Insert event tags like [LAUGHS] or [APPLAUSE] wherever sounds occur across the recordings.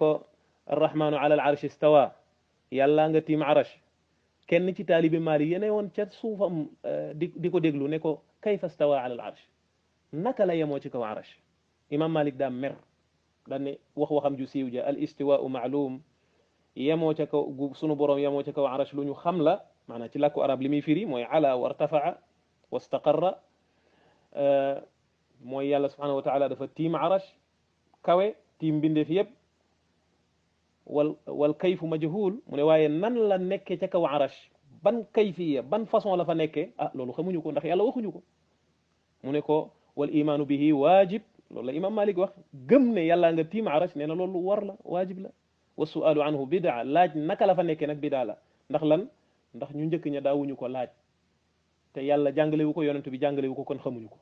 ko arrahmanu ala al arsh istawa yàlla nga tiim arash kenn ci taalibi maali yene woon ca suufam di di ko déglu ne ko kayfa stawa ala al arsh naka la yemoo ci kaw arash imam malik daa mer daan ne wax waxam ju siiw ja al istiwaau maalum yemoo ca kaw sunu borom yemoo ca kaw arash luñu ñu xam la maanaa ci làkku arab li firi mooy ala wa artafaa wa staqarra mooy yàlla subhanahu wa taala dafa tiim arash kawe tiim mbindeef والكيف مجهول من واي نان لا نيك تي كو عرش بان كيفيه بان فاصون لا فا نيك اه لولو خمو نيو كو نخ يالا واخو نيو كو مو والايمان به واجب لولا امام مالك واخ گم ني يالا nga tim arash neena lolu war la wajib والسؤال عنه بدعة لاج نك لا فا نيك نك بدعة لا نخ لان نخ ني نجيك ني داو نيو كو لاج تي يالا جانغلي وكو يونتو بي جانغلي وكو كون خمو نيو كو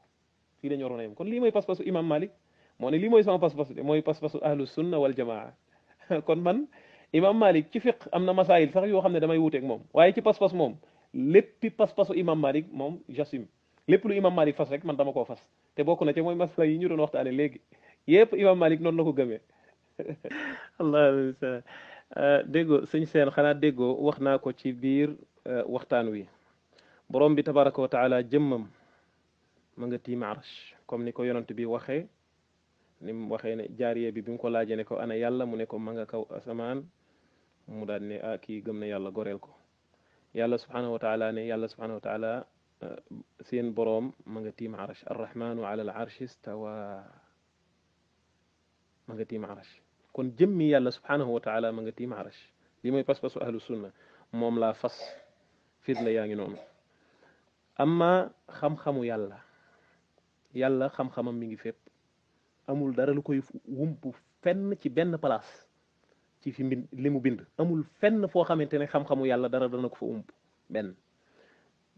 في لا نيو رونيم كون لي موي باس باس امام مالك مو ني لي موي سما باس باس دي موي باس باس اهل السنه والجماعه kon man imam malik ci fiq amna masail sax yo xamne damay wuté ak mom waye ci pass pass mom lepp pass passu imam malik mom jassim lépp lu imam malik fas rek man dama ko fas te bokku na ci moy masla yi ñu doon waxtane léegi yépp imam malik non la ko gëmee allah dego sëñ seen xana dego waxna ko ci bir waxtan wi borom bi tabaaraku taala jëmmam ma nga tim arsh comme ni ko yonent bi waxé ni mu waxee ne jaariya bi bi mu ko laajee ne ko ana yàlla mu ne ko ma kaw asamaan mu daal ne ah kii gëm na yàlla goreel ko yàlla subhanahu wa ne yàlla subhanahu wa taala eh, seen boroom ma nga tiim arsh arrahmanu ala al arshi stawa ma tiim arsh kon jëmmi yàlla subhanahu wa taala ma nga tiim arsh li mooy pas-pasu ahlu sunna moom laa fas firnde yaa ngi noonu amma xam yàlla yàlla xam-xamam mi ngi fépp amul dara lu koy wump fenn ci benn place ci fi mbind li mu bind amul fenn foo xamante ne xam-xamu yàlla dara dana ko fa ump benn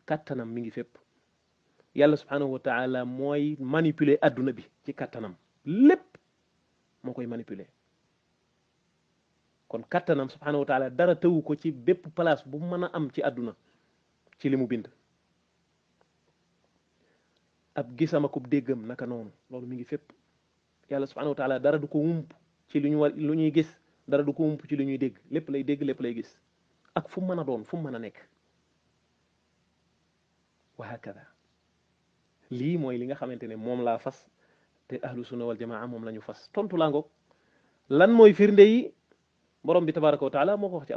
kàttanam mi ngi fépp yàlla subhanahu wa mooy manipule àdduna bi ci kàttanam lépp moo koy manipule kon kàttanam subhanahu wa taala dara tëwu ko ci bépp place bu mën a am ci àdduna ci li mu bind ab gisam akub déggam naka noonu loolu mi ngi fépp yàlla subhanahu wa taala dara du ko wump ci lu ñuy gis dara du wump ci lu ñuy dégg lépp lay dégg lépp lay gis ak fum mu mën a doon fu mu mën a nekk wa hakada lii mooy li nga xamante ne moom laa fas te ahlu sunna wal jamaa moom lañu fas fas tontu laa ngoog lan mooy firnde yi borom bi tabaraka wa taala moo ko wax ci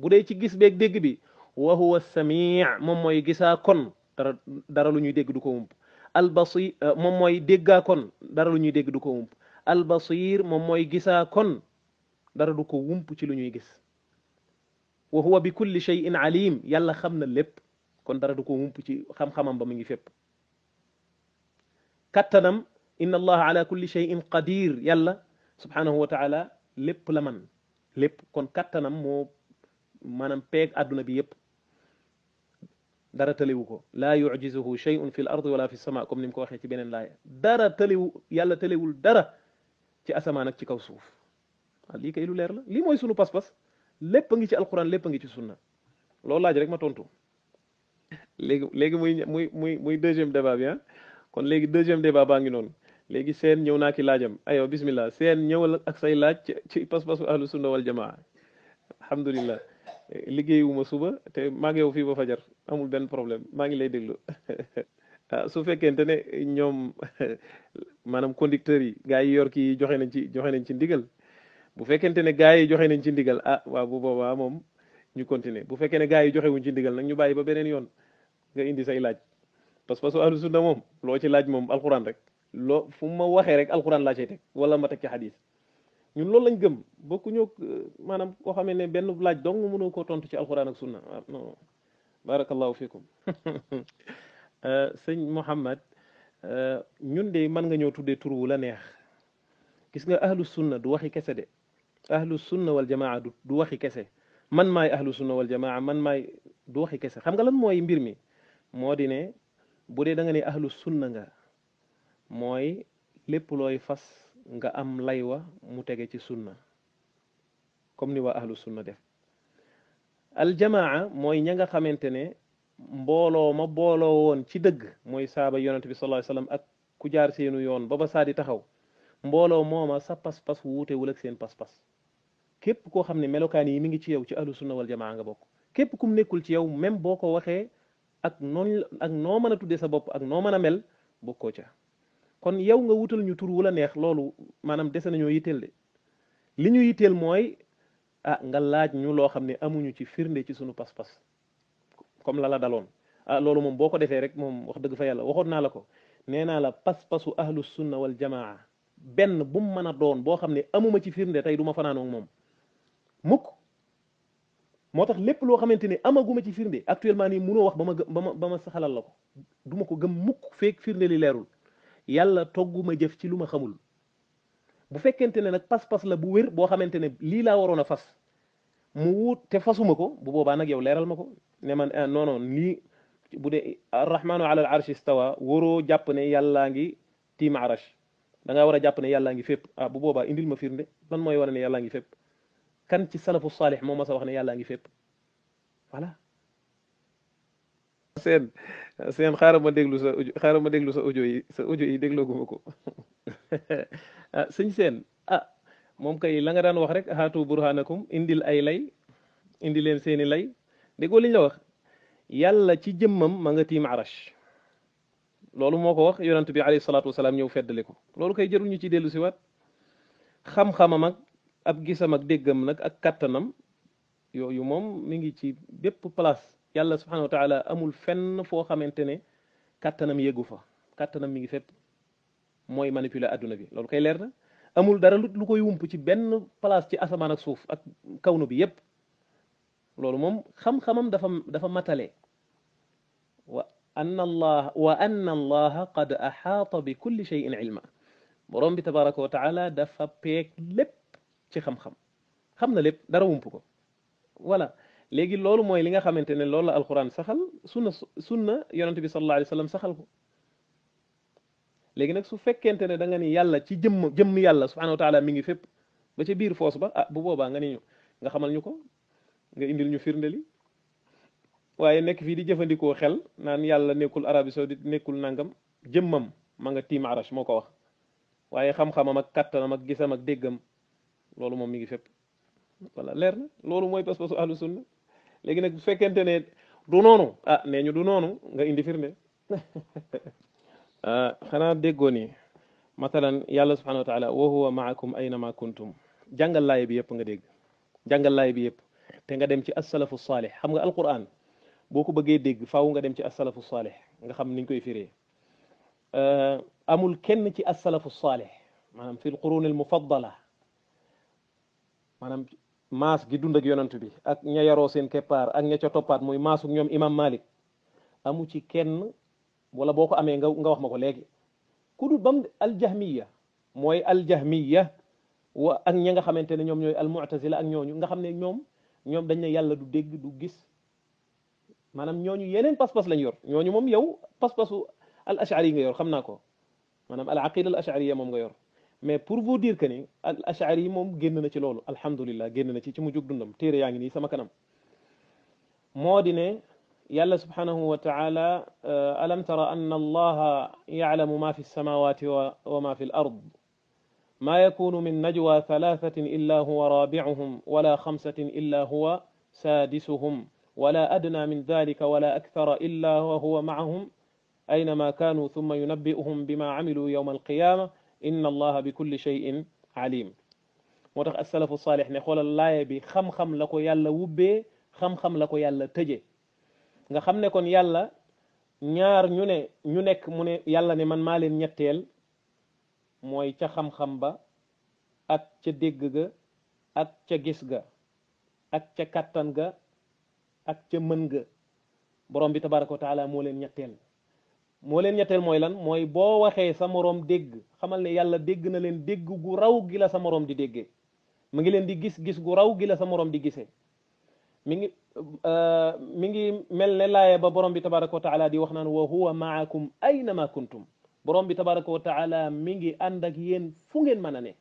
bu dee ci gis beeg dégg bi wa huwa samii moom mooy gisaa kon dara lu ñuy dégg du ko wump albasir euh, moom mooy déggaa kon dara lu ñuy dégg du ko wump albasir moom mooy gisaa kon dara ko wump ci lu ñuy gis wa huwa bi kulli shay'in alim yàlla xam na lépp kon dara du ko wump ci xam-xamam ba mu ngi fépp kattanam inna allaha ala kulli shay'in qadir yàlla subhanahu taala lépp la man lépp kon kattanam moo maanaam peeg àdduna bi yépp dara tëliwu ko laa yujizuhu shay'un fi l ard wala fi sama comme ni mu ko waxee ci beneen laaya dara tëliwu yàlla tëliwul dara ci asamaan ak ci kaw suuf ah lii kay lu leer la lii mooy sunu pas-pas lépp a ngi ci alquran lépp a ngi ci sunna loolu laaj rek ma tontu léegi léegi muy muy muy muy deuxième débat bi ah kon léegi deuxième débat baa ngi noonu léegi seen ñëw naa ki laajam ayo bismillah seen ñëwal ak say laaj ci pas-pasu ahlu sunna wal jamaa alhamdulillah liggéeyuma suba te maa ngi yow fii ba fajar amul benn problème maa ngi lay déglu [LAUGHS] ah su fekkente ne ñoom [LAUGHS] maanaam conducteurs yi gars yi yor kii joxe nañ ci joxe nañ ci ndigal bu fekkente ne gars yi joxe nañ ci ndigal ah waaw bu boobaa moom ñu continuer bu fekkee ne gars yi joxe ci ndigal nag ñu bàyyi ba beneen yoon nga indi say laaj parce que ahlu sunna moom loo ci laaj moom alxuraan rek loo fu ma waxee rek alxuraan laa cay teg wala ma teg ci xadis ñun loolu lañ gëm bokku ñoo maanaam koo xamee ne benn laaj dong mënoo koo tontu ci alxuraan ak sunna ah non barakallahu fikum [LAUGHS] euh, sëñ Mouhammad euh, ñun de mën nga ñëw tuddee tur wu la neex gis nga ahlu sunna du waxi kese de ahlu sunna wal jamaa du waxi kese man maay ahlu sunna wal jamaa man maay du waxi kese xam nga lan mooy mbir mi moo di ne bu dee da nga ne ahlu sunna nga mooy lépp looy fas nga am lay wa mu tege ci sunna comme ni waa ahlu sunna def aljamaa mooy ña nga xamante ne mbooloo ma booloo woon ci dëgg mooy saaba yonent bi sallallahu alayhi wasallam ak ku jaar seenu yoon ba ba saa taxaw mbooloo mooma sa pas-pas wuutewul ak seen pas-pas képp koo xam ne melokaan yi mi ngi ci yow ci ahlu sunna wal nga bokk képp kum nekkul ci yow même boo ko waxee ak noonu ak noo mën a tuddee sa bopp ak noo mën a mel bokkoo ca kon yow nga wutal ñu tur wu la neex loolu maanaam dese nañoo yitteel de li ñu yitteel mooy ah nga laaj ñu loo xam ne amuñu ci firnde ci sunu pas-pas comme la la daloon ah loolu moom boo ko defee rek moom wax dëgg fa yàlla waxoon naa la ko nee naa la pas-pasu ahlu sunna wal jamaa benn bu mu mën a doon boo xam ne amuma ci firnde tey du ma fanaanoog moom mukk moo tax lépp loo xamante ne amaguma ci firnde actuellement nii munoo wax ba ma ba ma ba ma saxalal la ko du ko gëm mukk feek firnde li leerul yàlla togguma jëf ci lu ma xamul bu fekkente ne nag pas-pas la bu wér boo xamante ne lii laa waroon a fas mu wut te fasuma ko bu boobaa nag yow leeral ma ko ne man non non lii bu dee arrahmanu ala al arshi stawa waroo jàpp ne yàllaa ngi tiim arash da ngaa war a jàpp ne yàllaa ngi fépp ah bu boobaa indil ma firnde lan mooy wane ne yàllaa ngi fépp kan ci salafu salih moo ma sa wax ne yàllaa ngi fépp voilà seen seen xaaral ma déglu sa audio xaaral ma déglu sa audio yi sa audio yi déglooguma ko [LAUGHS] ah sëñ seen ah moom kay la nga daan wax rek haatu burhanakum indil ay lay indi leen seeni lay déggoo liñ la wax yàlla ci jëmmam ma nga tiim arash loolu moo ko wax yonent bi alayhi salaatu wasalaam ñëw feddali ko loolu kay jërul ñu ci dellu si waat xam-xamam ab gisamag ak nag ak kattanam yooyu moom mi ngi ci bépp place yàlla subhanahu wa taala amul fenn foo xamante ne kàttanam yeggu fa kàttanam mi ngi fépp mooy manipuler adduna bi loolu koy leer na amul dara lu koy wump ci benn place ci asamaan ak suuf ak kawnu bi yépp loolu moom xam-xamam dafa dafa matale wa anna allah wa anna allaha qad axaata bi kulli cheyin ilma borom bi tabaraka wa taala dafa peeg lépp ci xam-xam xam na lépp dara wump ko voilà légui loolu mooy li nga xamante ne loolu la alquran saxal sunna sunna yonent bi sallallahu alayhi wasallam saxal ko léegi nag su fekkente ne da nga ni yàlla ci jëmm jëmm yàlla subhanahu wa taala mi ngi fépp ba ca biir foos ba ah bu boobaa nga ni ñu nga xamal ñu ko nga indil ñu firndeli waaye nekk fii di jëfandikoo xel naan yàlla nekkul Arabie Saoudite nekkul nangam jëmmam ma nga tiim arash moo ko wax waaye xam-xamam ak kattanam ak gisam ak déggam loolu moom mi ngi fépp voilà leer na loolu mooy pas-pasu ahlu sunna léegi nag bu fekkente ne du noonu ah nee ñu du noonu nga indi firnde xanaa déggoo ni matalan yàlla subhanahu wa taala wa huwa maakum aynama kuntum jàngal laay bi yëpp nga dégg jàngal laay bi yëpp te nga dem ci asalafu saalih xam nga alquran boo ko bëggee dégg faaw nga dem ci asalafu saalih nga xam niñ koy firee amul kenn ci asalafu saalih maanaam fi lqurun almufaddala maanaam maas gi dund ak yonant bi ak ña yaroo seen keppaar ak ña ca toppaat mooy maasu ñoom imam malik amu ci kenn wala boo ko amee nga nga wax ma ko léegi ku dul bam aljahmiya mooy aljahmiya wa ak ña nga xamante ne ñoom ñooy almu'tazila ak ñooñu nga xam ne ñoom ñoom dañ ne yàlla du dégg du gis maanaam ñooñu yeneen pas-pas lañ yor ñooñu moom yow pas-pasu al ashari nga yor xam naa ko maanaam al aqida al ashariya moom nga yor mais pour vous dire que ni ashari mom génn na ci lolu alhamdullilah génn na ci ci mu jog dundam téré yaangi ni sama kanam moo ne yàlla subhanahu wa taala alam tara anna allah ya'lamu ma fi as-samawati wa ma fi al ard ما يكون من نجوى ثلاثة إلا هو رابعهم ولا خمسة إلا هو سادسهم ولا أدنى من ذلك ولا أكثر إلا هو معهم أينما كانوا ثم ينبئهم بما عملوا يوم القيامة inna allaha bi kulli shay'in alim moo tax asalafu saalih ne xoolal laaye bi xam-xam la ko yàlla wubbee xam-xam la yàlla tëjee nga xam ne kon yàlla ñaar ñu ne ñu nekk mu ne yàlla ne man maa leen ñetteel mooy ca xam-xam ba ak ca dégg ga ak ca gis ga ak ca kàttan ga ak ca mën ga borom bi tabaraka wa taala moo leen ñetteel moo leen ñetteel mooy lan mooy boo waxee sa moroom dégg xamal ne yàlla dégg na leen dégg gu raw gi la sa moroom di déggee mu ngi leen di gis gis gu raw gi la sa moroom di gisee mi ngi euh, mi ngi mel ne laaya ba borom bi tabaraka wa taala di wax naan wa huwa maakum aynama kuntum borom bi tabaraka wa taala mi ngi ànd ak yéen fu ngeen mën a ne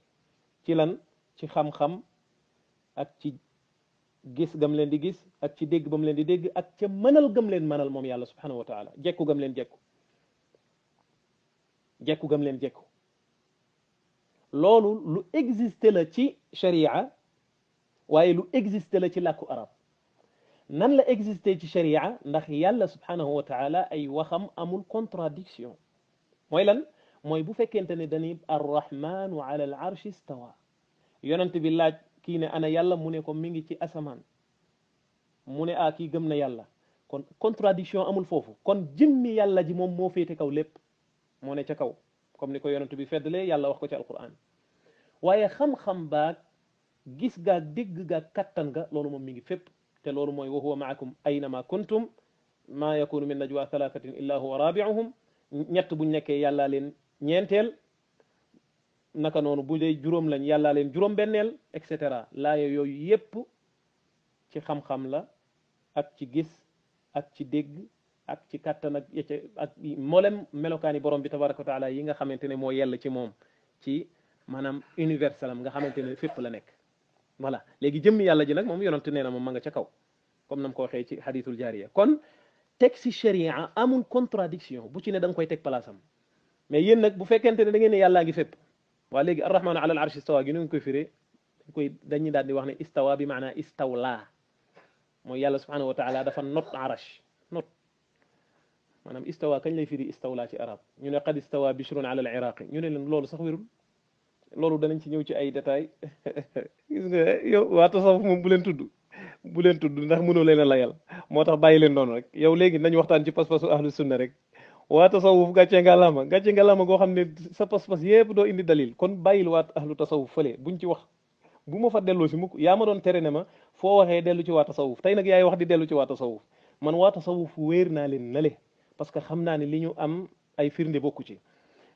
ci lan ci xam-xam ak ci gis gam leen di gis ak ci dégg bam leen di dégg ak ca mënal gam leen mënal moom yàlla subhanahu wa taala jekku gam leen jekku جاكو جملن جاكو لولو لو اكزيست لا تي شريعه واي لو اكزيست لا تي لاكو عرب نان لا اكزيست تي شريعه ناخ يالا سبحانه وتعالى اي وخم امول كونتراديكسيون موي لان موي بو فكنتني داني الرحمن على العرش استوى يونت بالله كينا انا يالا مونيكو ميغي تي اسمان موني اكي غمنا يالا كون كونتراديكسيون امول فوفو كون جيمي يالا جي موم مو فيتي كاو ليب moo ne ca kaw comme ni ko yonent bi feddalee yàlla wax ko ci alquran waaye xam-xam baag gis ga dégg gaa kattan ga loolu moom mi ngi fépp te loolu mooy wa huwa maakum ma kuntum ma yakunu min najwa thalathatin illa huwa rabiuhum ñett bu nekkee yàllaa leen ñeenteel naka noonu bu dee juróom lañ yàllaa leen juróom benneel et cetera laaya yooyu yépp ci xam-xam la ak ci gis ak ci dégg ak ci kattan ak yecca ak mboolem melokaani borom bi tabaraka wa taala yi nga xamante ne mooy yalla ci moom ci maanaam universel am nga xamante ne fépp la nekk voilà léegi jëmm yàlla ji nag moom yonantu nee na moom ma nga ca kaw comme nam ko waxee ci hadithul jaariya kon teg si sharia amul contradiction bu ci ne da nga koy teg place am mais yéen nag bu fekkente ne da ngeen ne yàllaa ngi fépp waa léegi arrahmanu ala al istawa gi nu koy firee dañ koy dañuy daal di wax ne istawa bi maanaa istawla mooy yàlla subhanahu wa taala dafa not arash not maanaam istawa kañ lay firi istawla ci arab ñu ne qad istawa bishrun ala al iraqi ñu ne leen loolu sax wérul loolu danañ ci ñëw ci ay détails [LAUGHS] gis nga waa tasawuf moom bu leen tudd bu leen tudd ndax mënoo leen a layal moo tax bàyyi leen noonu rek yow léegi nañ waxtaan ci pas-pasu ahlu sunna rek waa tasawuf gàccee nga laama gàccee nga goo xam ne sa pas-pas yépp doo indi dalil kon bàyyil waat ahlu tasawuf bu buñ ci wax bu ma fa delloo si mukk yaa ma doon tere ne ma foo waxee dellu ci waa tey nag yaay wax di dellu ci waa tasawuf man waa tasawuf wéer naa leen nale parce que xam naa ne li ñu am ay firnde bokku ci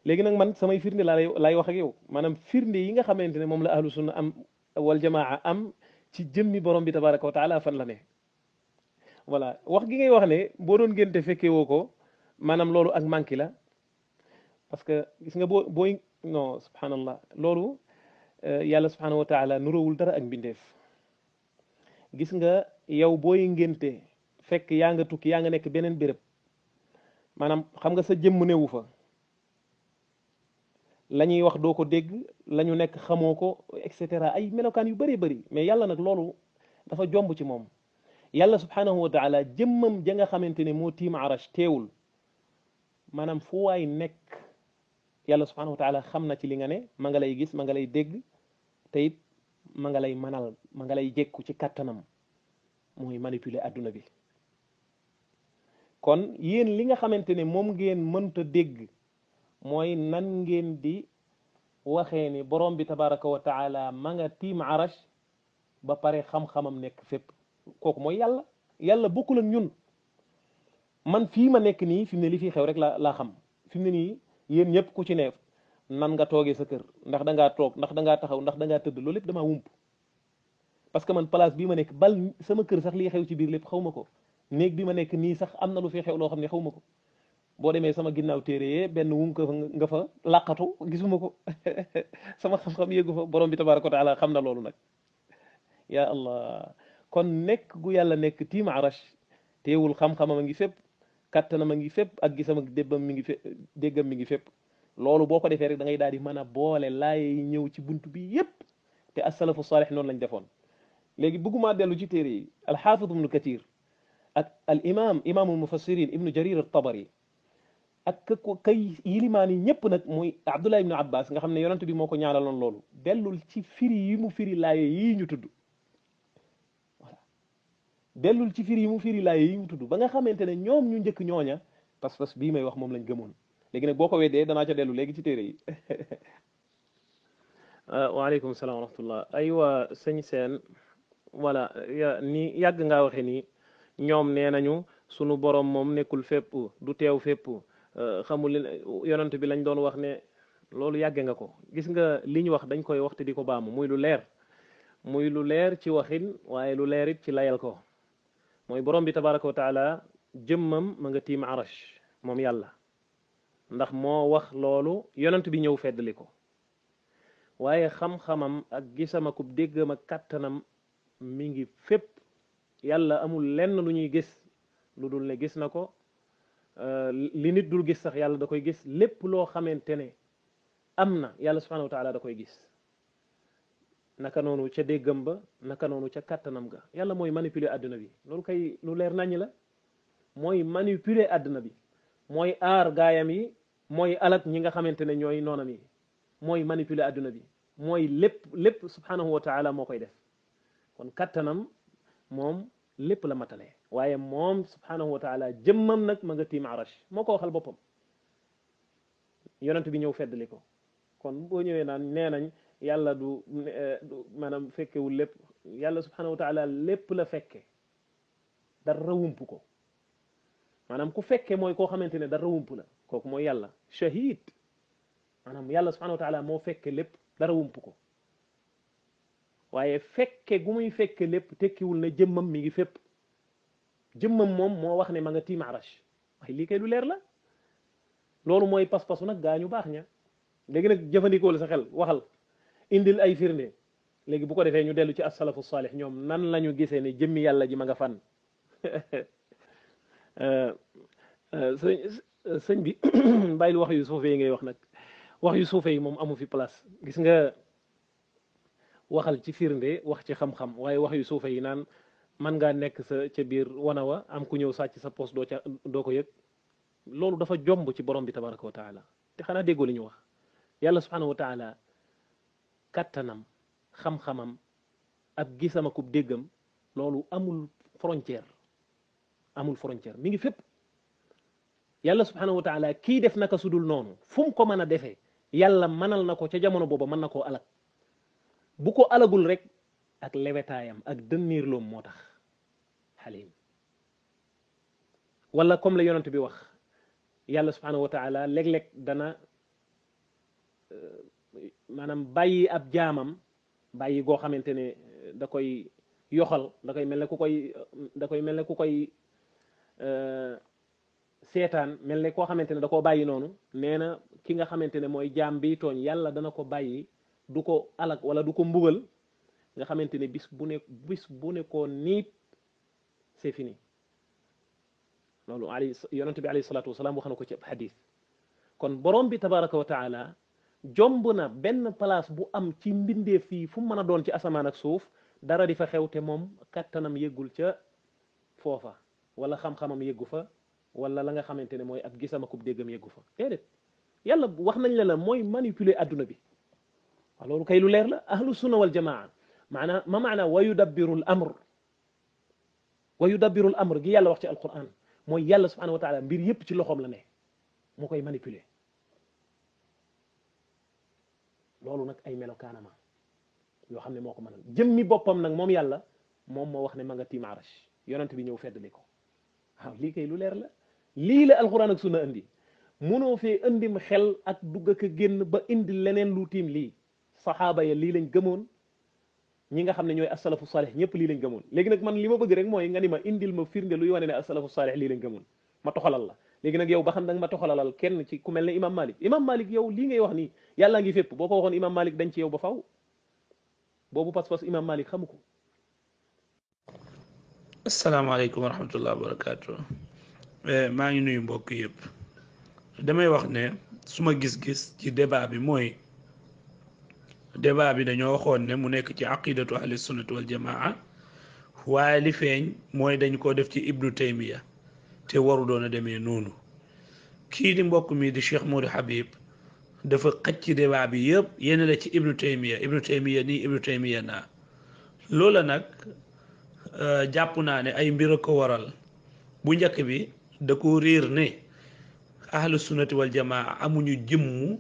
léegi nag man samay firnde laa lay laay wax ak yow maanaam firnde yi nga xamante ne moom la ahlu sunna am wal jamaa am ci jëmmi borom bi tabaraka wa fan la ne voilà wax gi ngay wax ne boo doon ngénte fekkee woo ko maanaam loolu ak manqué la parce que gis nga boo booy non subhanallah euh, yàlla subhanahu wa taala dara ak mbindeef gis nga yow booy ngénte fekk yaa nga tukki yaa nga nekk beneen béréb maanaam xam nga sa jëmm newu fa lañuy wax doo ko dégg lañu nekk xamoo ko et cetera ay melokaan yu bari bari mais yàlla nag loolu dafa jomb ci moom yàlla subhanahu wa taala jëmmam ja nga xamante ne moo tiim arash teewul maanaam fu waay nekk yàlla subhanahu wa taala xam na ci li nga ne ma nga lay gis ma nga lay dégg te it ma nga lay manal ma nga lay jekku ci kàttanam mooy manipule adduna bi kon yéen li nga xamante ne moom ngeen mënta dégg mooy nan ngeen di waxee ni borom bi tabaraka wa taala ma nga tiim arash ba pare xam-xamam nekk fépp kooku mooy yàlla yàlla bokkul ak ñun man fii ma nekk nii fi mu ne li fii xew rek la laa xam fi mu ne nii yéen ñëpp ku ci ne nan nga toogee sa kër ndax da ngaa toog ndax da ngaa taxaw ndax da tëdd loolu lépp damaa wump parce que man place bii ma nekk bal sama kër sax lii xew ci biir lépp xaw ma ko néeg bi ma nekk nii sax am na lu fi xew loo xam ne xaw ma ko boo demee sama ginnaaw téere yee benn wun ko nga fa làqatu gisuma ko sama xam-xam yéegu fa borom bi tabaraka wa taala xam na loolu nag yaa allah kon nekk gu yàlla nekk tiim arash teewul xam-xamam a ngi fépp kattanam a ngi fépp ak gisam ak débbam mi ngi fépp déggam mi ngi fépp loolu boo ko defee rek da ngay daal di mën a boole laaye yi ñëw ci bunt bi yépp te asalafu saalih noonu lañ defoon léegi bëggumaa dellu ci téere yi alxaafid ibnu kathir الإمام إمام المفسرين ابن جرير الطبري اك كاي kay نيب ñëpp موي عبد الله بن عباس nga xamne yonent bi moko ko ñaanaloon loolu dellul ci firi yi mu firi lay yi ñu tuddu voilà dellul ci firi yi mu firi lay yi ñu tuddu ba nga xamantene ñom nu ñu ñoña pass pass bi may wax mom lañ gëmon legi nak boko wédé dana ca dellu legi ci téré yi wa alaykum assalam wa rahmatullah aywa seigne sëñ seen ya ni yag nga waxé ni ñoom nee nañu sunu borom moom nekkul fépp du teew fépp euh, xamul yonent bi lañ doon wax ne loolu yàgge nga ko gis nga li ñu wax dañ koy wax di ko baamu muy lu leer muy lu leer ci waxin waaye lu leerit ci layal ko mooy borom bi tabaraka wa taala jëmmam ma nga tiim arash moom yàlla ndax moo wax loolu yonent bi ñëw feddali ko waaye xam-xamam ak gisam akub déggam kàttanam mi ngi fépp yàlla amul lenn lu ñuy gis lu dul ne gis na ko euh, li nit dul gis sax yàlla da koy gis lépp loo xamante ne am na yàlla subhanahu wa da koy gis naka noonu ca déggam ba naka noonu ca kàttanam ga yàlla mooy manipuler àdduna bi loolu kay lu leer nañ la mooy manipuler àdduna bi mooy aar gaayam yi mooy alak ñi nga xamante ne ñooy noonam yi mooy manipuler àdduna bi mooy lépp lépp subhanahu wa moo koy def kon kàttanam moom lépp la matale waaye mom subhanahu wa taala jëmmam nag ma nga tiim arash moo ko waxal boppam yonent bi ñëw feddali ko kon boo ñëwee naan nee nañ yàlla du maanaam fekkewul lépp yàlla subhanahu wa taala lépp la fekke dara wump ko maanaam ku fekke mooy koo xamante ne dara wump la kooku mooy yàlla shahid maanaam yàlla subhanahu wa taala moo fekke lépp dara wump ko waye fekke gumuy fekke lépp tekkiwul ne jëmmam mi ngi fep jëmmam mom mo wax ne ma nga tim arash way li kay lu leer la lolu moy pass passu nak gañu bax baax ña léegi nag jëfandikool sa xel waxal indil ay firnde legi bu ko defé ñu delu ci as-salafu salih ñom nan lañu gisé ne jëmmi yàlla ji ma nga fan sëñ sëñ bi bàyyil wax yu suufee yi ngay wax nag wax yu suufee yi amu fi place gis nga waxal ci firnde wax ci xam-xam waaye wax yu suufe yi naan man ngaa nekk sa ca biir wana wa am ku ñëw sàcc sa poos doo ca doo ko yëg loolu dafa jomb ci borom bi tabaraka wa taala te xanaa déggoo li ñu wax yàlla subhanahu wa taala kattanam xam-xamam ab gisam akub déggam loolu amul frontière amul frontière mi ngi fépp yàlla subhanahu wa taala kii def naka sudul noonu fu mu ko mën a defee yàlla mënal na ko ca jamono booba mën na koo alak bu ko alagul rek ak lewetaayam ak dënniirloom moo tax xalim wala comme la yonent bi wax yàlla subhanahu wa taala léeg dana euh, maanaam bàyyi ab jaamam bàyyi goo xamante ne euh, da koy yoxal da koy mel ne ku koy da koy mel ne ku koy euh, seetaan mel ne koo xamante ne da koo bàyyi noonu nee na ki nga xamante ne mooy jaam bi tooñ yàlla dana ko bàyyi duko alak wala duko mbugal nga xamanteni bis bu ne bis bu ne ko nit c'est fini loolu ali yonente bi ali salatu wasalaam waxna ko ci hadith kon borom bi tabaraka wa taala jombuna ben place bu am ci mbinde fi fu meuna don ci asaman ak suuf dara di fa xew te moom kattanam yëggul ca foofa wala xam-xamam yegu fa wala la nga xamanteni moy mooy ab gisam akub déggam yëggu fa dedet yàlla wax nañ la la moy manipuler aduna bi loolu kay lu leer la ahlu sunna wal jamaa maanaa ma maanaa wa yudabbiru l amr wa yudabbiru l amr gi yàlla wax ci alquran mooy yàlla subhanahu wa taala mbir yépp ci loxoom la ne moo koy manipuler loolu nag ay melokaanama yoo xam ne moo ko mënal jëmmi boppam nag moom yàlla moom moo wax ne ma nga tiim arash yonent bi ñëw feddali ko waaw lii kay lu leer la lii la alquran ak sunna indi munoo fee andim xel ak dugg ak génn ba indi leneen lu tiim lii sahaba ya lii lañ gëmoon ñi nga xam ne ñooy asalafu salih ñëpp lii lañ gëmoon léegi nag man li ma bëgg rek mooy nga ni ma indil ma firnde luy wane ne asalafu salih lii lañ gëmoon ma toxalal la léegi nag yow ba xam nag ma toxalalal kenn ci ku mel ne imam malik imam malik yow lii ngay wax nii yàlla ngi fépp boo ko waxoon imam malik dañ ci yow ba faw boobu pas-pas imam malik xamu ko asalaamaaleykum wa rahmatullahi maa ngi nuyu mbokk yëpp damay wax ne suma gis-gis ci débat bi mooy débat bi dañoo waxoon ne mu nekk ci aqidatu ahli sunnati jamaa waaye li feeñ mooy dañ ko def ci ibnu taymiya te waru doon a demee noonu kii di mbokk mi di cheikh Modou Habib dafa xëcc débat bi yëpp yenn la ci ibnu taymiya ibnu taymiya nii ibnu taymiya naa loola nag euh, jàpp naa ne ay mbir a ko waral bu njëkk bi da ko réer ne ahlu sunnati wal jamaa amuñu jëmm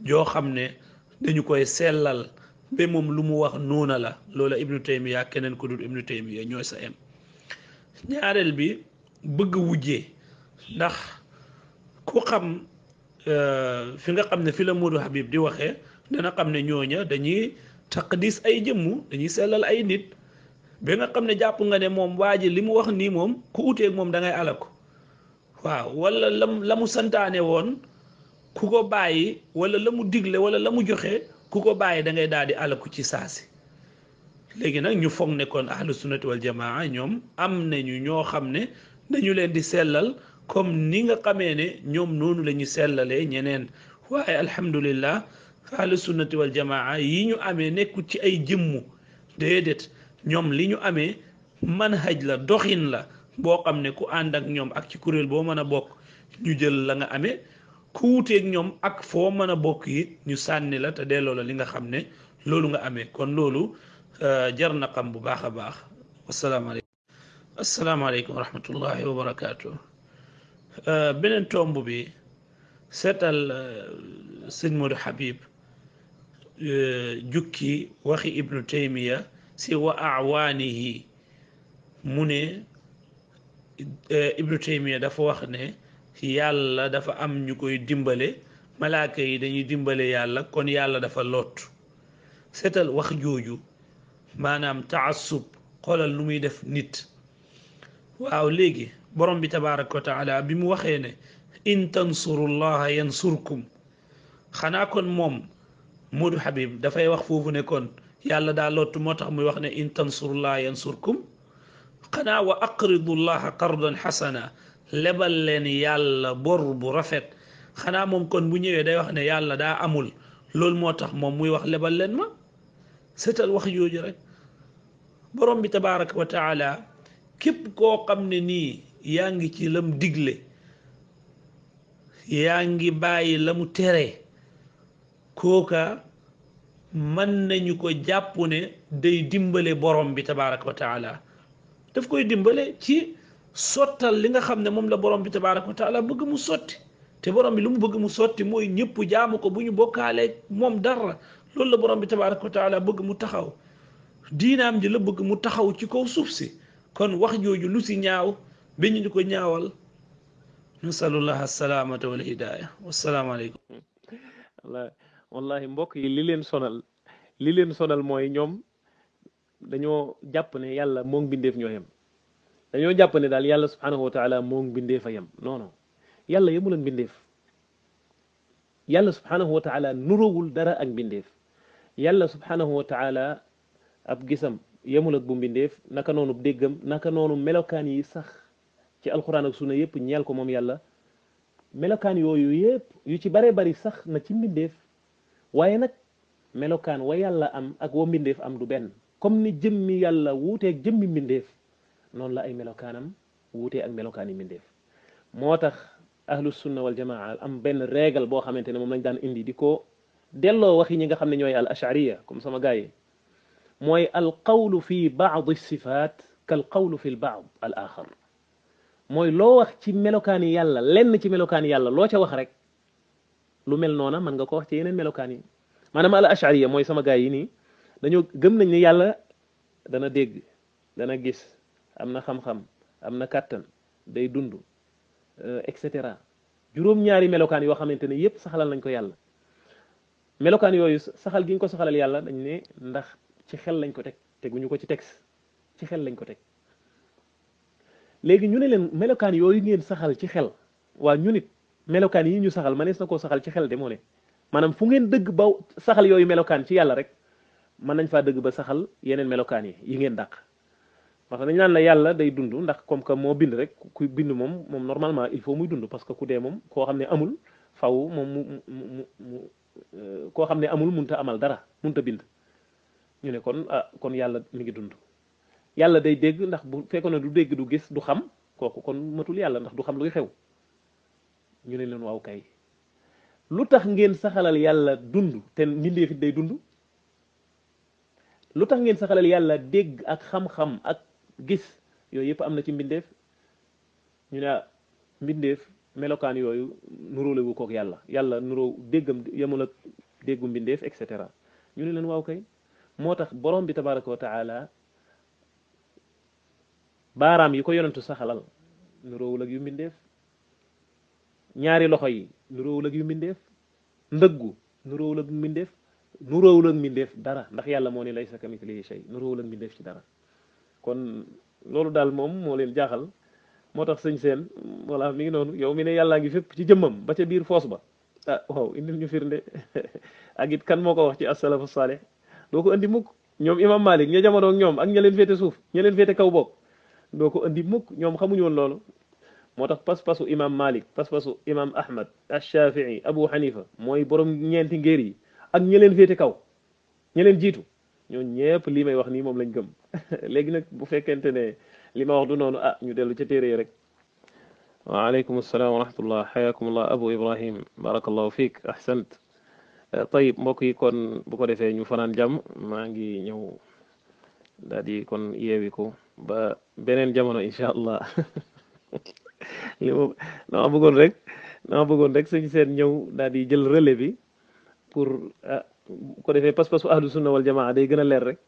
joo xam ne dañu koy sellal ba moom lu mu wax noona la loola ibnu taymiya keneen ko dul ibnu taymiya ñooy sa em ñaareel bi bëgg wujjee ndax ku xam euh, fi nga xam ne fi la Modou Habib di waxee dana xam ne ñooña dañuy taqdis ay jëmm dañuy sellal ay nit ba nga xam ne jàpp nga ne moom waa ji li mu wax nii moom ku uteeg moom da ngay alako waaw wala la mu santaane woon ku ko bàyyi wala la mu digle wala la mu joxe ku ko bàyyi da ngay daal di alaku ci saasi léegi nag ñu foog nekkoon ahlu sunnati wal ñoom am nañu ñoo xam ne dañu leen di sellal comme ni nga xamee ne ñoom noonu la ñu sellalee ñeneen waaye alhamdulillah ahlu sunnati wal yi ñu amee nekkul ci ay jëmmu déedéet ñoom li ñu amee xaj la doxin la boo xam ne ku ànd ak ñoom ak ci kuréel boo mën a bokk ñu jël la nga amee ku wuuteeg ñoom ak foo mën a bokk it ñu sànni la te delloo la li nga xam ne loolu nga amee kon loolu euh, jar na xam bu baax a baax wasalaamaaleykum asalaamaaleykum wa rahmatullahi wa barakaatu euh, beneen tomb bi seetal euh, sëñ Modou Habib jukki waxi ibnu taymiya si wa awaanihi mu ne ibnu taymiya dafa wax ne yàlla dafa am ñu koy dimbale malaaka yi dañuy dimbale yàlla kon yàlla dafa loot seetal wax jooju maanaam taassub xoolal lu muy def nit waaw léegi borom bi tabaaraka wa taala bi mu waxee ne in tansurullaha yansurkum xanaa kon moom Modou Habib dafay wax foofu ne kon yàlla daa lottu moo tax muy wax ne in tansurullaha yansurkum xanaa wa aqridullaha qardan xasana lebal leen yàlla bor bu rafet xanaa moom kon bu ñëwee day wax ne yàlla daa amul loolu moo tax moom muy wax lebal leen ma seetal wax jooju rek boroom bi tabaaraka wa képp koo xam ne nii yaa ngi ci lam digle yaa ngi bàyyi la mu tere kooka mën nañu ko jàpp ne day dimbale boroom bi tabaaraka wa taala koy dimbale ci sottal li nga xam ne moom la borom bi tabaaraka wa taala bëgg mu sotti te borom bi lu mu bëgg mu sotti mooy ñëpp jaamu ko bu ñu bokkaale moom dara loolu la borom bi tabaaraka wa taala bëgg mu taxaw diinaam ji la bëgg mu taxaw ci kaw suuf si kon wax jooju lu si ñaaw ba ñu ko ñaawal nasalullah asalaamata wal hidaaya wasalaamaaleykum wallahi mbokk yi li leen sonal lii leen sonal mooy ñoom dañoo jàpp ne yàlla moo ngi ñooyam dañu jàpp ne daal yàlla subhanahu wa taala moom bindeef a yem non non yàlla yemu leen bindeef yàlla subhanahu wa taala nuróowul dara ak bindeef yàlla subhanahu wa taala ab gisam yemul ak bu mbindeef naka nonu déggam naka nonu melokan yi sax ci alquran ak sunna yep ñeel ko mom yàlla melokan yoyu yep yu ci bare bari sax na ci mbindeef waye nak melokan wa yàlla am ak wo mbindeef am du ben comme ni jëmmi yàlla wuuteeg jëmmi mbindeef noonu la ay melokaanam wuutee ak melokaan yi mbindeef moo tax ahlu sunna wal jamaa am benn régal boo xamante ne moom lañ daan indi di ko delloo waxi ñi nga xam ne ñooy al ashariya comme sama gars yi mooy al qawlu fi baadi sifaat kal qawlu fi l baad al axar mooy loo wax ci melokaan yi yàlla lenn ci melokaan yàlla loo ca wax rek lu mel noona mën nga ko wax ci yeneen melokaan yi maanaam al ashariya mooy sama gars yi nii dañoo gëm nañ ne yàlla dana dégg dana gis am na xam-xam am na kàttan day dund euh, et cetera juróom-ñaari melokaan yoo xamante ne yépp saxalal nañ ko yàlla melokaan yooyu saxal gi ñu ko saxalal yàlla dañ ne ndax ci xel lañ ko teg teguñu ko ci texte ci xel lañ ko teg léegi ñu ne leen melokaan yooyu ngeen saxal ci xel waa ñu nit melokaan yi ñu saxal manees na ko saxal ci xel de moo ne maanaam fu ngeen dëgg ba saxal yooyu melokaan ci yàlla rek mën nañ faa dëgg ba saxal yeneen melokaan yi yi ngeen dàq parce que dañu naan la yàlla day dund ndax comme que moo bind rek ku bind moom moom normalement il faut muy dund parce que ku dee moom koo xam ne amul faw moom mu mu euh, koo xam ne amul munta amal dara munta bind ñu ne kon ah, kon yàlla mu ngi dund yàlla day dégg ndax bu fekkoon ne du dégg du gis du xam kooku kon matul yàlla ndax du xam luy xew ñu ne leen waaw kay lu tax ngeen saxalal yàlla dund te mbindeefit day dund lu tax ngeen saxalal yàlla dégg ak xam-xam ak gis yooyu yëpp am na ci mbindeef ñu ne mbindeef melokaan yooyu nuróolewu kook yàlla yàlla nuróo déggam yamul ak déggu mbindeef et cetera ñu ne leen waaw kay moo tax borom bi tabaraka wa taala baaraam yi ko yonentu saxalal nuróowul ak yu mbindeef ñaari loxo yi nuróowul ak yu mbindeef ndëggu nuróowul ak mbindeef nuróowul ak mbindeef dara ndax yàlla moo ne laysa kamithlihi shay nuróowul ak mbindeef ci dara kon loolu daal moom moo leen jaaxal moo tax sëñ seen voilà mi ngi noonu yow mi ne yàllaa ngi fépp ci jëmmam ba ca biir foos ba ah waaw indil ñu firnde [LAUGHS] ak it kan moo ko wax ci asalafu saalih doo ko andi mukk ñoom imam malik ña jamono ak ñoom ak ña leen suuf ña leen kaw bopp doo ko andi mukk ñoom xamuñoon loolu moo tax pas-pasu imam malik pas-pasu imam ahmad ashafii abu hanifa mooy borom ñeenti ngéer yi ak ña leen kaw ña leen jiitu ñooñu ñëpp lii may wax nii moom lañ gëm [LAUGHS] léegi nag bu fekkente ne li ma wax du noonu ah, ñu dellu ca téere yi rek waaleykum assalaam wa rahmatullah xayaakumullah abu ibrahim barakallahu fiik ahsant eh, tayib mbokk yi kon bu ko defee ñu fanaan jàmm maa ngi ñëw daal di kon yeewi ko ba beneen jamono incha allah [LAUGHS] li moom bëggoon rek dama bëggoon rek suñu seen ñëw daal jël relais bi pour ah, ko defee pas-pasu ahlu sunna wal jamaa day gën a leer rek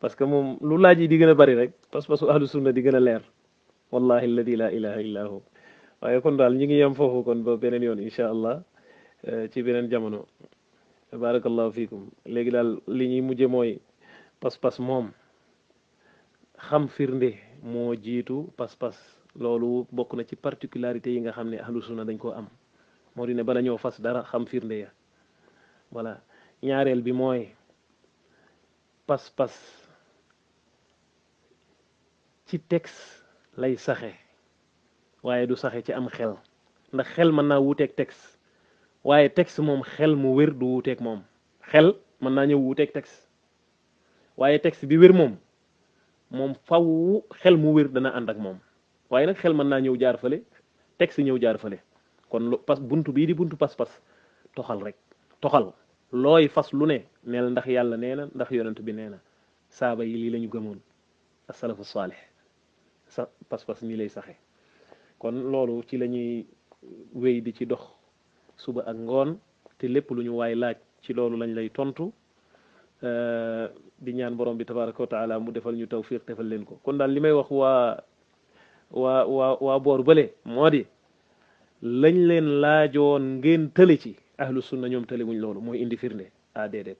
parce que moom lu laaj di gën a bari rek pas-pasu ahlu sunna di gën a leer wallahi alladi la ilaha illa hu waaye kon daal ñi ngi yem foofu kon ba beneen yoon insha allah eh, ci beneen jamono barakallahu fiikum léegi daal li ñuy mujje mooy pas-pas moom xam firnde moo jiitu pas-pas loolu bokk na ci particularité yi nga xam ne sunna dañ koo am moo di ne bala ñoo fas dara xam firnde ya voilà ñaareel bi mooy pas-pas ci texte lay saxe waaye du saxe ci am xel ndax xel mën naa wuuteeg texte waaye texte moom xel mu wér du wuuteeg mom xel mën naa tek wuuteeg texte waaye texte bi wér moom moom faw xel mu dana ànd ak mom waye nag xel mën naa ñëw jaar fële texte jaar kon pas buntu biri di buntu pas-pas toxal rek toxal looy fas lu ne neel ndax yàlla nee na ndax yonent bi nee na saaba yi lañu la ñu gëmoon asalafu saalih sa pas-pas nii lay saxe kon loolu ci la ñuy wéy di ci dox suba ak ngoon te lépp lu ñu waay laaj ci loolu lañ lay tontu di ñaan borom bi tabaraka wa taala mu defal ñu tawfiq defal leen ko kon daal li may wax waa waa waa waa boor moo di lañ leen laajoon ngeen tële ci ahlu sunna ñoom taliwuñ loolu mooy indi firnde ah déedéet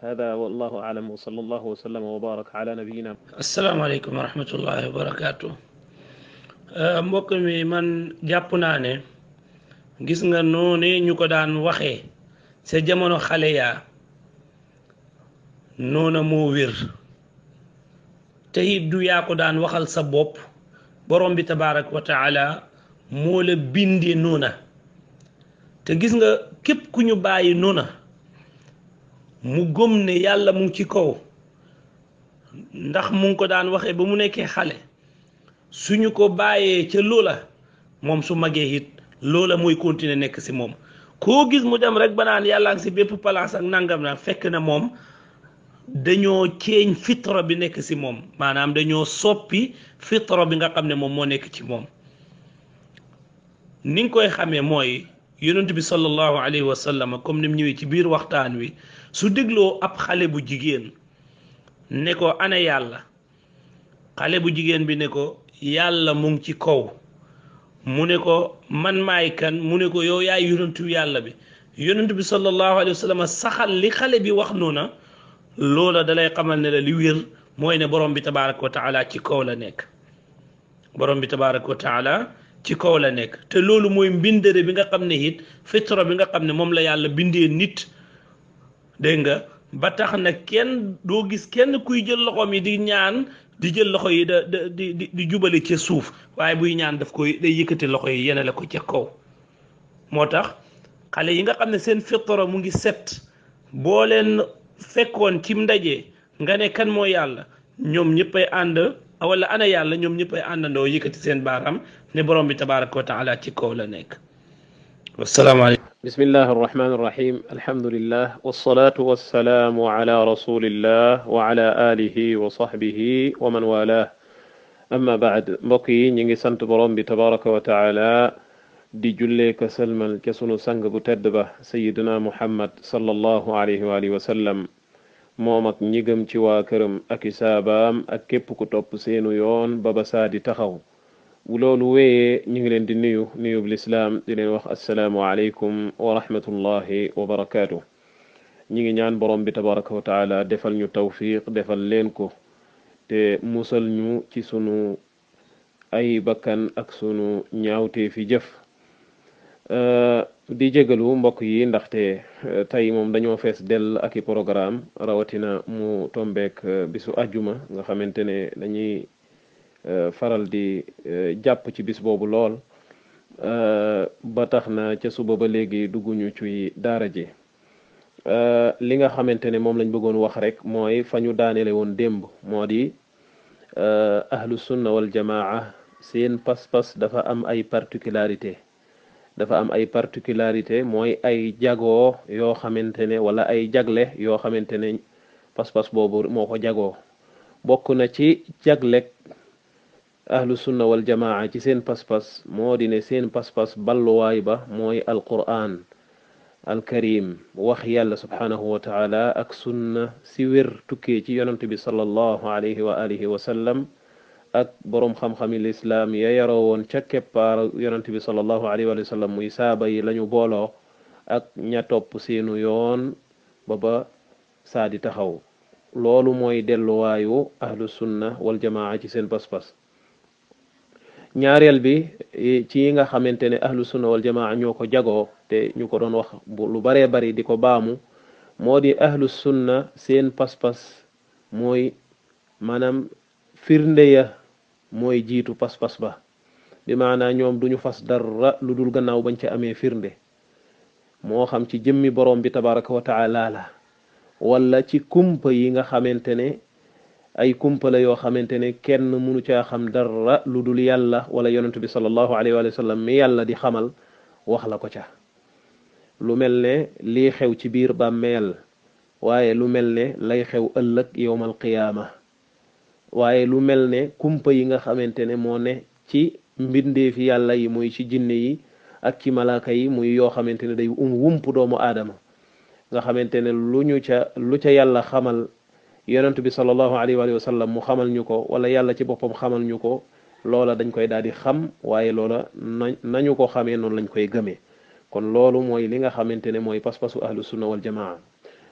هذا والله أعلم وصلى الله وسلم وبارك على نبينا السلام عليكم ورحمة الله وبركاته mbokk mi man jàpp naa ne gis nga noonu ñu ko daan waxee sa jamono xale yaa noona moo wér te it du yaa ko daan waxal sa bopp borom bi tabarak wa taala moo la bindee noona te gis nga képp ku ñu bàyyi noona mu gëm ne yàlla mu ngi ci kaw ndax mu ngi ko daan waxee ba mu nekkee xale suñu ko bàyyee ca loola moom su magee it loola mooy continuer nekk si moom koo gis mu dem rek ba naan yàlla ngi si bépp palaas ak nangam na fekk na moom dañoo ceeñ fitra bi nekk si moom maanaam dañoo soppi fitra bi nga xam ne moom moo nekk ci moom ni koy xamee mooy yonent bi sallallahu alayhi wa comme ni mu ñëwee ci biir waxtaan wi su dégloo ab xale bu jigéen ne ko ana yàlla xale bu jigéen bi ne ko yàlla mu ci kaw mu ne ko man maay kan mu ne ko yow yaay yonentu yàlla bi yonent bi sallallahu alayhi wa saxal li xale bi wax noona loola dalay xamal ne la li wiir mooy ne borom bi tabaaraka wa ci kaw la nekk borom bi tabaaraka wa ci kaw la nekk te loolu mooy mbindere bi nga xam ne it fitra bi nga xam ne moom la yàlla bindee nit dégg nga ba tax na kenn doo gis kenn kuy jël loxoom yi di ñaan di jël loxo yi da di di jubale ca suuf waaye buy ñaan daf koy day yëkkati loxo yi yene la ko ca kaw moo tax xale yi nga xam ne seen fitra mu ngi set boo leen fekkoon ci ndaje nga ne kan moo yàlla ñoom ñëppay ànd wala ana yàlla ñoom ñëppay àndandoo yëkkati seen baaraam ni borom bi tabaraka wa taala ci kaw la nekk wassalaamu aleykum bismillahi arrahmani irrahim alhamdulillah wassalatu wassalaamu ala rasulillah wa ala alihi wa sahbihi wa man walah amma baad mbokk yi ñi ngi sant borom bi tabaraka wa taala di jullee ko salmal ca sunu sang bu tedd ba sayiduna muhammad sallallahu alayhi wa alihi wa sallam moom ak ñi gëm ci waa këram ak i saabaam ak képp ku topp seenu yoon ba ba saa di taxaw bu loolu wéyee ñu ngi leen di nuyu nuyub lislaam di leen wax assalaamu aleykum wa rahmatullahi wa barakaatu ñi ngi ñaan borom bi tabaraka wa defal ñu tawfiq defal leen ko te musal ñu ci sunu ay bakkan ak sunu ñaawtee fi jëf di jégalu mbokk yi ndaxte tey moom dañoo fees dell aki programme rawatina mu tombeek bisu ajjuma nga xamante ne dañuy Euh, faral di euh, jàpp ci bis boobu lool euh, ba tax na ca suba ba léegi dugguñu ci daara ji li nga xamante ne moom lañ bëggoon wax rek mooy fa ñu daanele woon démb moo di ahlu sunna wal jamaa seen pas-pas dafa am ay particularité dafa am ay particularité mooy ay jagoo yoo xamante ne wala ay jagle yoo xamante ne pas-pas boobu moo ko jagoo bokk na ci jaglek ahlu sunna wal jamaa ci seen pas moo di seen pas balluwaay ba mooy alquran alkarim wax yàlla subhaanahu wa taala ak sunna si wér tukkee ci yonent bi sallallahu alayhi wa alihi ak boroom xam-xami lislaam ya yaroo woon ca keppaar yonent bi sallallahu alayhi wa muy saaba yi lañu booloo ak ña topp seenu yoon ba ba saa di taxaw loolu mooy delluwaayu ahlu sunna wal jamaa ci seen pas ñaareel bi e, ci yi nga xamante ne ahlu sunna wal jamaa ñoo ko jagoo te ñu ko doon wax lu baree bari di ko baamu moo di ahlu sunna seen pas-pas mooy maanaam firnde ya mooy jiitu pas-pas ba bi maanaa ñoom duñu fas dara lu dul gannaaw bañ ci amee firnde moo xam ci jëmmi boroom bi tabaraka wa taala la wala ci kumpa yi nga xamante ne ay kumpala yoo xamante ne kenn mënu caa xam dara lu dul yàlla wala yonent bi sallallahu alayhi wa sallam mi yàlla di xamal wax la ko ca lu mel ne lii xew ci biir bàmmeel waaye lu mel ne lay xew ëllëg yowmal qiyaama waaye lu mel ne kumpa yi nga xamante ne moo ne ci mbindeefi yàlla yi muy ci jinne yi ak ci malaaka yi muy yoo xamante ne day um wump doomu aadama nga xamante lu ñu ca lu ca yàlla xamal yonent bi sallallahu alayhi wa sallam mu xamal ñu ko wala yàlla ci boppam xamal ñu ko loola dañ koy daal di xam waaye loola na nañu ko xamee noonu lañ koy gëmee kon loolu mooy li nga xamante ne mooy pas-pasu ahlu sunna wal jamaa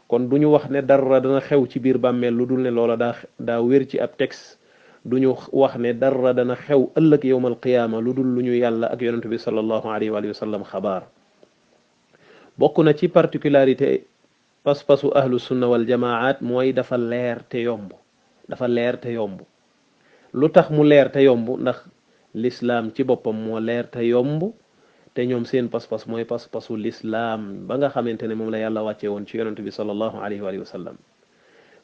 kon du ñu wax ne dara dana xew ci biir bàmmeel lu dul ne loola daa daa wér ci ab tex du ñu wax ne dara dana xew ëllëg yowmal qiyaama lu dul lu ñu yàlla ak yonent bi sallallahu alayhi wa sallam xabaar bokk na ci particularité pas-pasu ahlu sunna wal jamaat mooy dafa leer te yomb dafa leerte yomb lu tax mu leer te yomb ndax lislaam ci boppam moo leerte yomb te ñoom seen pas-pas mooy pas-pasu lislaam ba nga xamante ne moom la yàlla wàcce woon ci yonent bi sallallahu alayhi wa sallam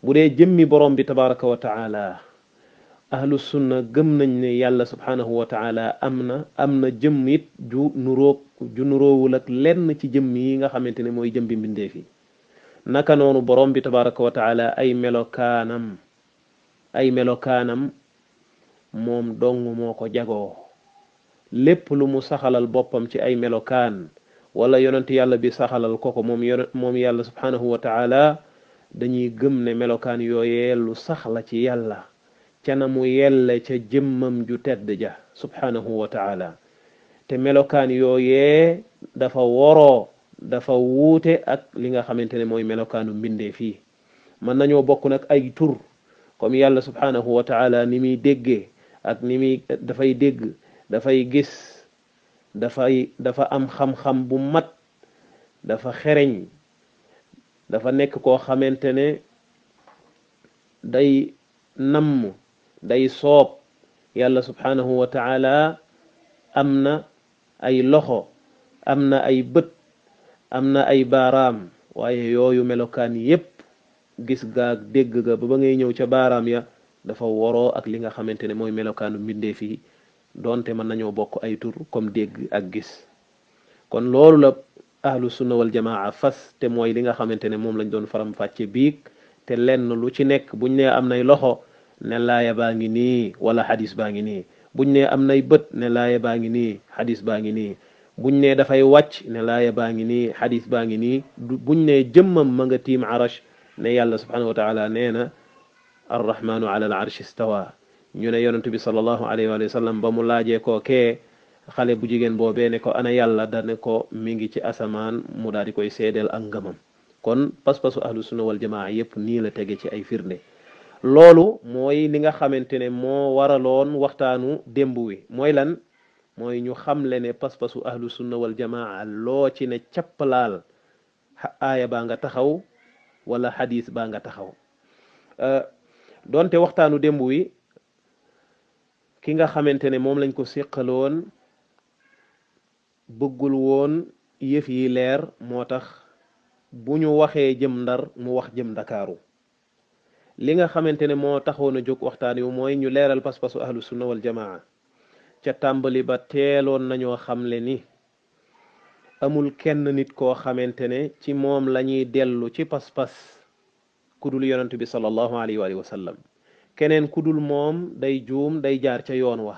bu dee jëmmi borom bi tabaraka wa taala ahlu sunna gëm nañ ne yàlla subhanahu wa taala am na am na jëmm ju nuroog ju nuroowul lenn ci jëmm yi nga xamante ne mooy jëmbi bi fii naka noonu borom bi tabaraka wa ay melokaanam ay melokaanam moom dong ko jagoo lépp lu mu saxalal boppam ci ay melokaan wala yonent yàlla bi saxalal koko moom yon yàlla subhanahu wa taala dañuy gëm ne melokaan yooyee lu sax la ci yàlla ca mu yelle ca jëmmam ju tedd ja subhanahu wa te melokaan yooyee dafa woroo dafa wuute ak li nga xamante ne mooy melokaanu mbindee fii mën nañoo bokk nag ay tur kom yàlla subhanahu wa ni muy déggee ak ni muy dafay dégg dafay gis dafay dafa am xam-xam bu mat dafa xereñ dafa nekk koo xamante ne day namm day soob yàlla subhanahu wa taala am na ay loxo am na ay bët am na ay baaraam waaye yooyu melokaan yépp gis gaa dégg ga ba ba ngay ñëw ca baaraam ya dafa woroo ak li nga xamante ne mooy melokaanu mbindeef yi doonte mën nañoo bokk ay tur comme dégg ak gis kon loolu la ahlu sunna jamaa fas te mooy li nga xamante ne moom lañ doon faram fàccee biig te lenn lu ci nekk buñ ne am nay loxo ne laaya baa ngi nii wala xadis baa ngi nii buñ ne am nay bët ne baa ngi nii xadis baa ngi nii buñ ne dafay wàcc ne laaya baa ngi nii xadis baa ngi nii buñ ne jëmmam ma nga tiim arash ne yàlla subhanahu wa taala nee na arrahmanu ala al arsh istawa ñu ne yonent bi sallallahu alayhi wa ba mu laajee koo kee xale bu jigéen boobee ne ko ana yàlla dane ko mi ngi ci asamaan mu daal di koy seedeel ak ngëmam kon pas-pasu ahlu sunna wal jamaa yépp nii la tege ci ay firnde loolu mooy li nga xamante ne moo waraloon waxtaanu démb wi lan mooy ñu xamle ne pas-pasu ahlu sunna wal jamaa loo ci ne cappalaal aaya baa nga taxaw walla xadis baa nga taxaw euh, donte waxtaanu démb wi ki nga xamante ne moom lañ ko séqaloon bëggul woon yëf yi leer moo tax bu ñu waxee jëm ndar mu wax jëm ndakaaru li nga xamante ne moo taxoon a jóg waxtaan yu mooy ñu leeral pas-pasu ahlu sunna wal jamaa ca tàmbali ba teeloon nañoo xamle ni amul kenn nit koo xamante ne ci moom la ñuy dellu ci pas-pas ku dul bi sallallahu alayhi wa sallam keneen ku dul moom day juum day jaar ca yoon wa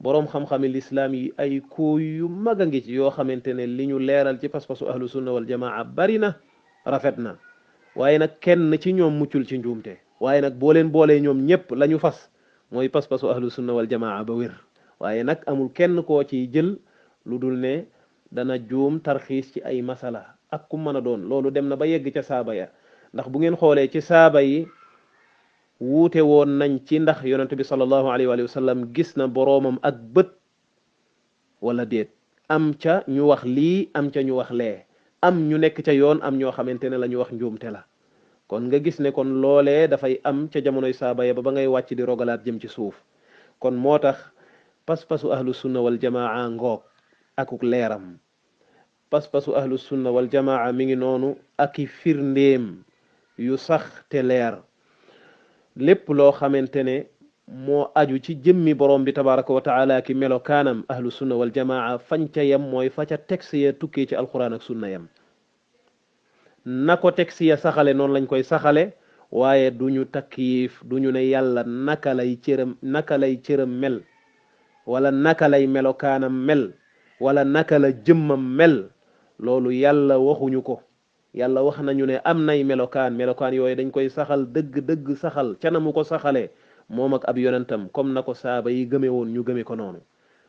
boroom xam-xami lislaam yi ay kuuy yu mag a ngi ci yoo xamante ne li ñu leeral ci pas-pasu ahlu sunna wal jamaa bari na rafet na waaye nag kenn ci ñoom muccul ci njuumte waaye nag boo leen boolee ñoom ñépp la ñu fas mooy pas-pasu ahlu sunna wal jamaa ba wér waaye nag amul kenn koo ciy jël lu dul ne dana juum tarxiis ci ay masala ak ku mën a doon loolu dem na ba yegg ca saaba ya ndax bu ngeen xoolee ci saaba yi wuute woon nañ ci ndax yonent bi sallallahu alayhi wa sallam gis na boroomam ak bët wala déet am ca ñu wax lii am ca ñu wax lee am ñu nekk ca yoon am ñoo xamante ne la wax njuumte la kon nga gis ne kon loole dafay am ca jamonoy saaba ya ba ba ngay wàcc di rogalaat jëm ci suuf kon moo tax pas-pasu ahlu sunna wal jamaa ngoog akuk leeram pas-pasu ahlu sunna wal jamaa mi ngi noonu aki firndéem yu sax te leer lépp loo xamante ne moo aju ci jëmmi borom bi tabaraka wa taala ki melokaanam ahlu sunna wal jamaa fañ ca yem mooy fa ca texte ya tukkee ci alquran ak sunna yam na ko ya saxale noonu lañ koy saxale waaye duñu takkiif duñu ne yàlla naka lay naka lay cëram mel wala naka lay melokaanam mel wala naka la jëmmam mel loolu yàlla waxuñu ko yàlla wax nañu ne am nay melokaan melokaan yooyu dañ koy saxal dëgg-dëgg saxal ca ko saxalee moom ak ab yonentam comme na ko saaba yi gëme woon ñu gëme ko noonu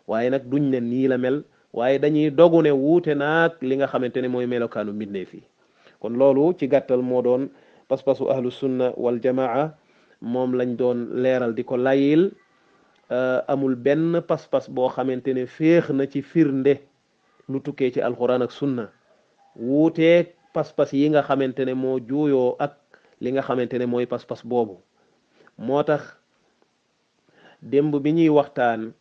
waaye nag duñ ne nii la mel waaye dañuy dogune ne wuute naag li nga xamante ne mooy melokaanu mbindeef yi kon loolu ci gàttal moo doon pas-pasu ahlu sunna wal jamaa moom lañ doon leeral di ko layil Euh, amul benn pas-pas boo xamante ne féex na ci firnde lu tukkee ci alxuraan ak sunna wuuteeg pas-pas yi nga xamante ne moo juuyoo ak li nga xamante ne mooy pas-pas boobu moo tax démb bi ñuy waxtaan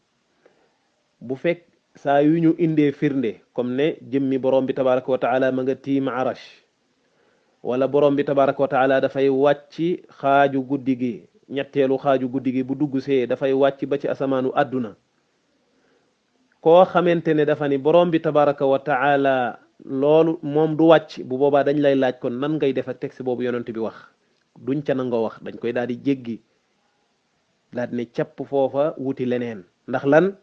bu fekk saa yu ñu indee firnde comme ne jëmmi borom bi tabaraka wa taala ma nga tiim arash wala borom bi tabaraka wa taala dafay wàcc xaaju guddi gi ñetteelu xaaju guddi gi bu dugg see dafay wàcc ba ci asamaanu àdduna koo xamante ne dafa ni borom bi tabaraka wa taala loolu moom du wàcc bu boobaa dañ lay laaj kon nan ngay def ak texte boobu yonent bi wax duñ ca nangoo wax dañ koy daal di jéggi daal ne capp foofa wuti leneen ndax lan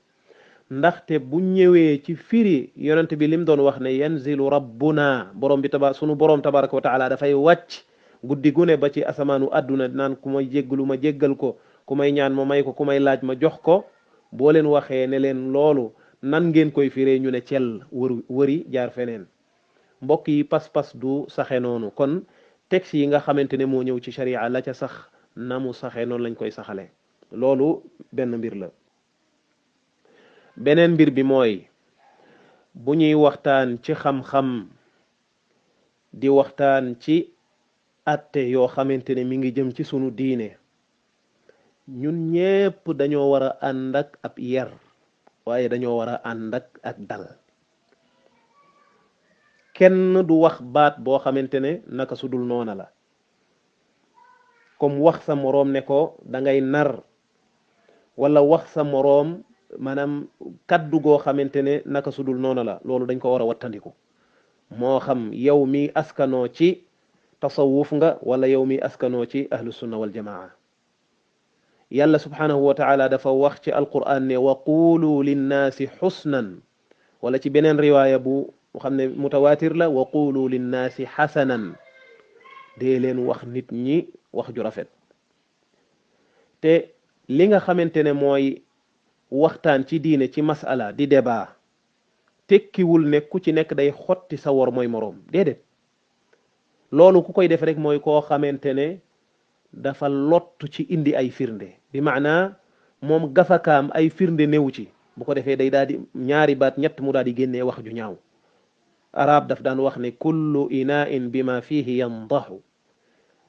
ndaxte bu ñëwee ci firi yonent bi lim doon wax ne yanzilu rabbuna borom bi taba sunu borom tabaraka wa dafay wàcc guddi gu ne ba ci asamaanu àdduna naan ku ma jéggalu ma jéggal ko ku may ñaan ma may ko ku may laaj ma jox ko boo leen waxee ne leen loolu nan ngeen koy fiire ñu ne cell wër wëri jaar feneen mbokk yi pas-pas du saxe noonu kon texte yi nga xamante ne moo ñëw ci sharia la ca sax na mu saxe noonu lañ koy saxale loolu benn mbir la beneen mbir bi mooy bu ñuy waxtaan ci xam-xam di waxtaan ci atte yoo xamante ne mu ngi jëm ci sunu diine ñun ñépp dañoo war a ànd ak ab yar waaye dañoo war a ànd ak ak dal kenn du wax baat boo xamante ne naka sudul noona la comme wax sa moroom ne ko dangay nar walla wax sa moroom maanaam kaddu goo xamante ne naka sudul dul noona la loolu dañ ko war a wattandiku moo xam yow mi askanoo ci tasawuf nga wala yow mi askanoo ci ahlu sunna wal jamaa yàlla subhaanahu wa dafa wax ci alquran ne wa quulu linnaasi xusnan wala ci beneen riwaaya bu xam ne mutawaatir la wa quulu linnaasi xasanan dee leen wax nit ñi wax ju rafet te li nga xamante ne mooy waxtaan ci diine ci masala di débat tekkiwul ne ku ci nekk day xotti sa wor mooy moroom loolu ku koy def rek mooy koo xamante ne dafa lott ci indi ay firnde bi maanaa moom gasakaam ay firnde néew ci bu ko defee day daal di ñaari baat ñett mu daal di génnee wax ju ñaaw arab daf daan wax ne kullu inain bima fihi yandaxu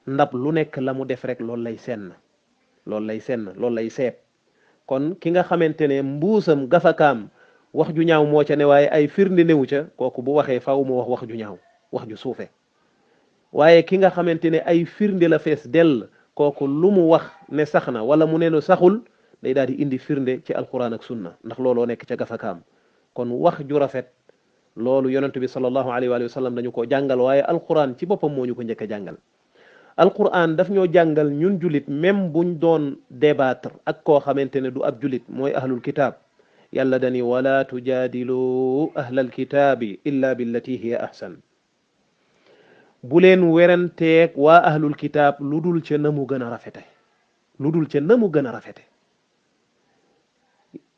ndab lu nekk la mu def rek loolu lay senn loolu lay senn loolu lay seet kon ki nga xamante ne mbuusam gasakaam wax ju ñaaw moo ca ne waaye ay firnde néew ca kooku bu waxee faw mu wax wax ju ñaaw wax ju suufe waaye ki nga xamante ne ay firnde la fees dell kooku lu mu wax ne sax na wala mu ne lu saxul day daal di indi firnde ci alquran ak sunna ndax looloo nekk ca gafakaam kon wax ju rafet loolu yonent bi sallallahu alayhi wa sallam dañu ko jàngal waaye alquran ci boppam moo ñu ko njëkk a jàngal alquran daf ñoo jàngal ñun julit même buñ doon débattre ak koo xamante ne du ab julit mooy ahlul kitaab yàlla dani wala tujaadilu ahlal kitaabi illa billati hiya ahsan bu leen weranteeg waa ahlul lu dul ca na mu gën a rafete lu dul ca na mu gën a rafete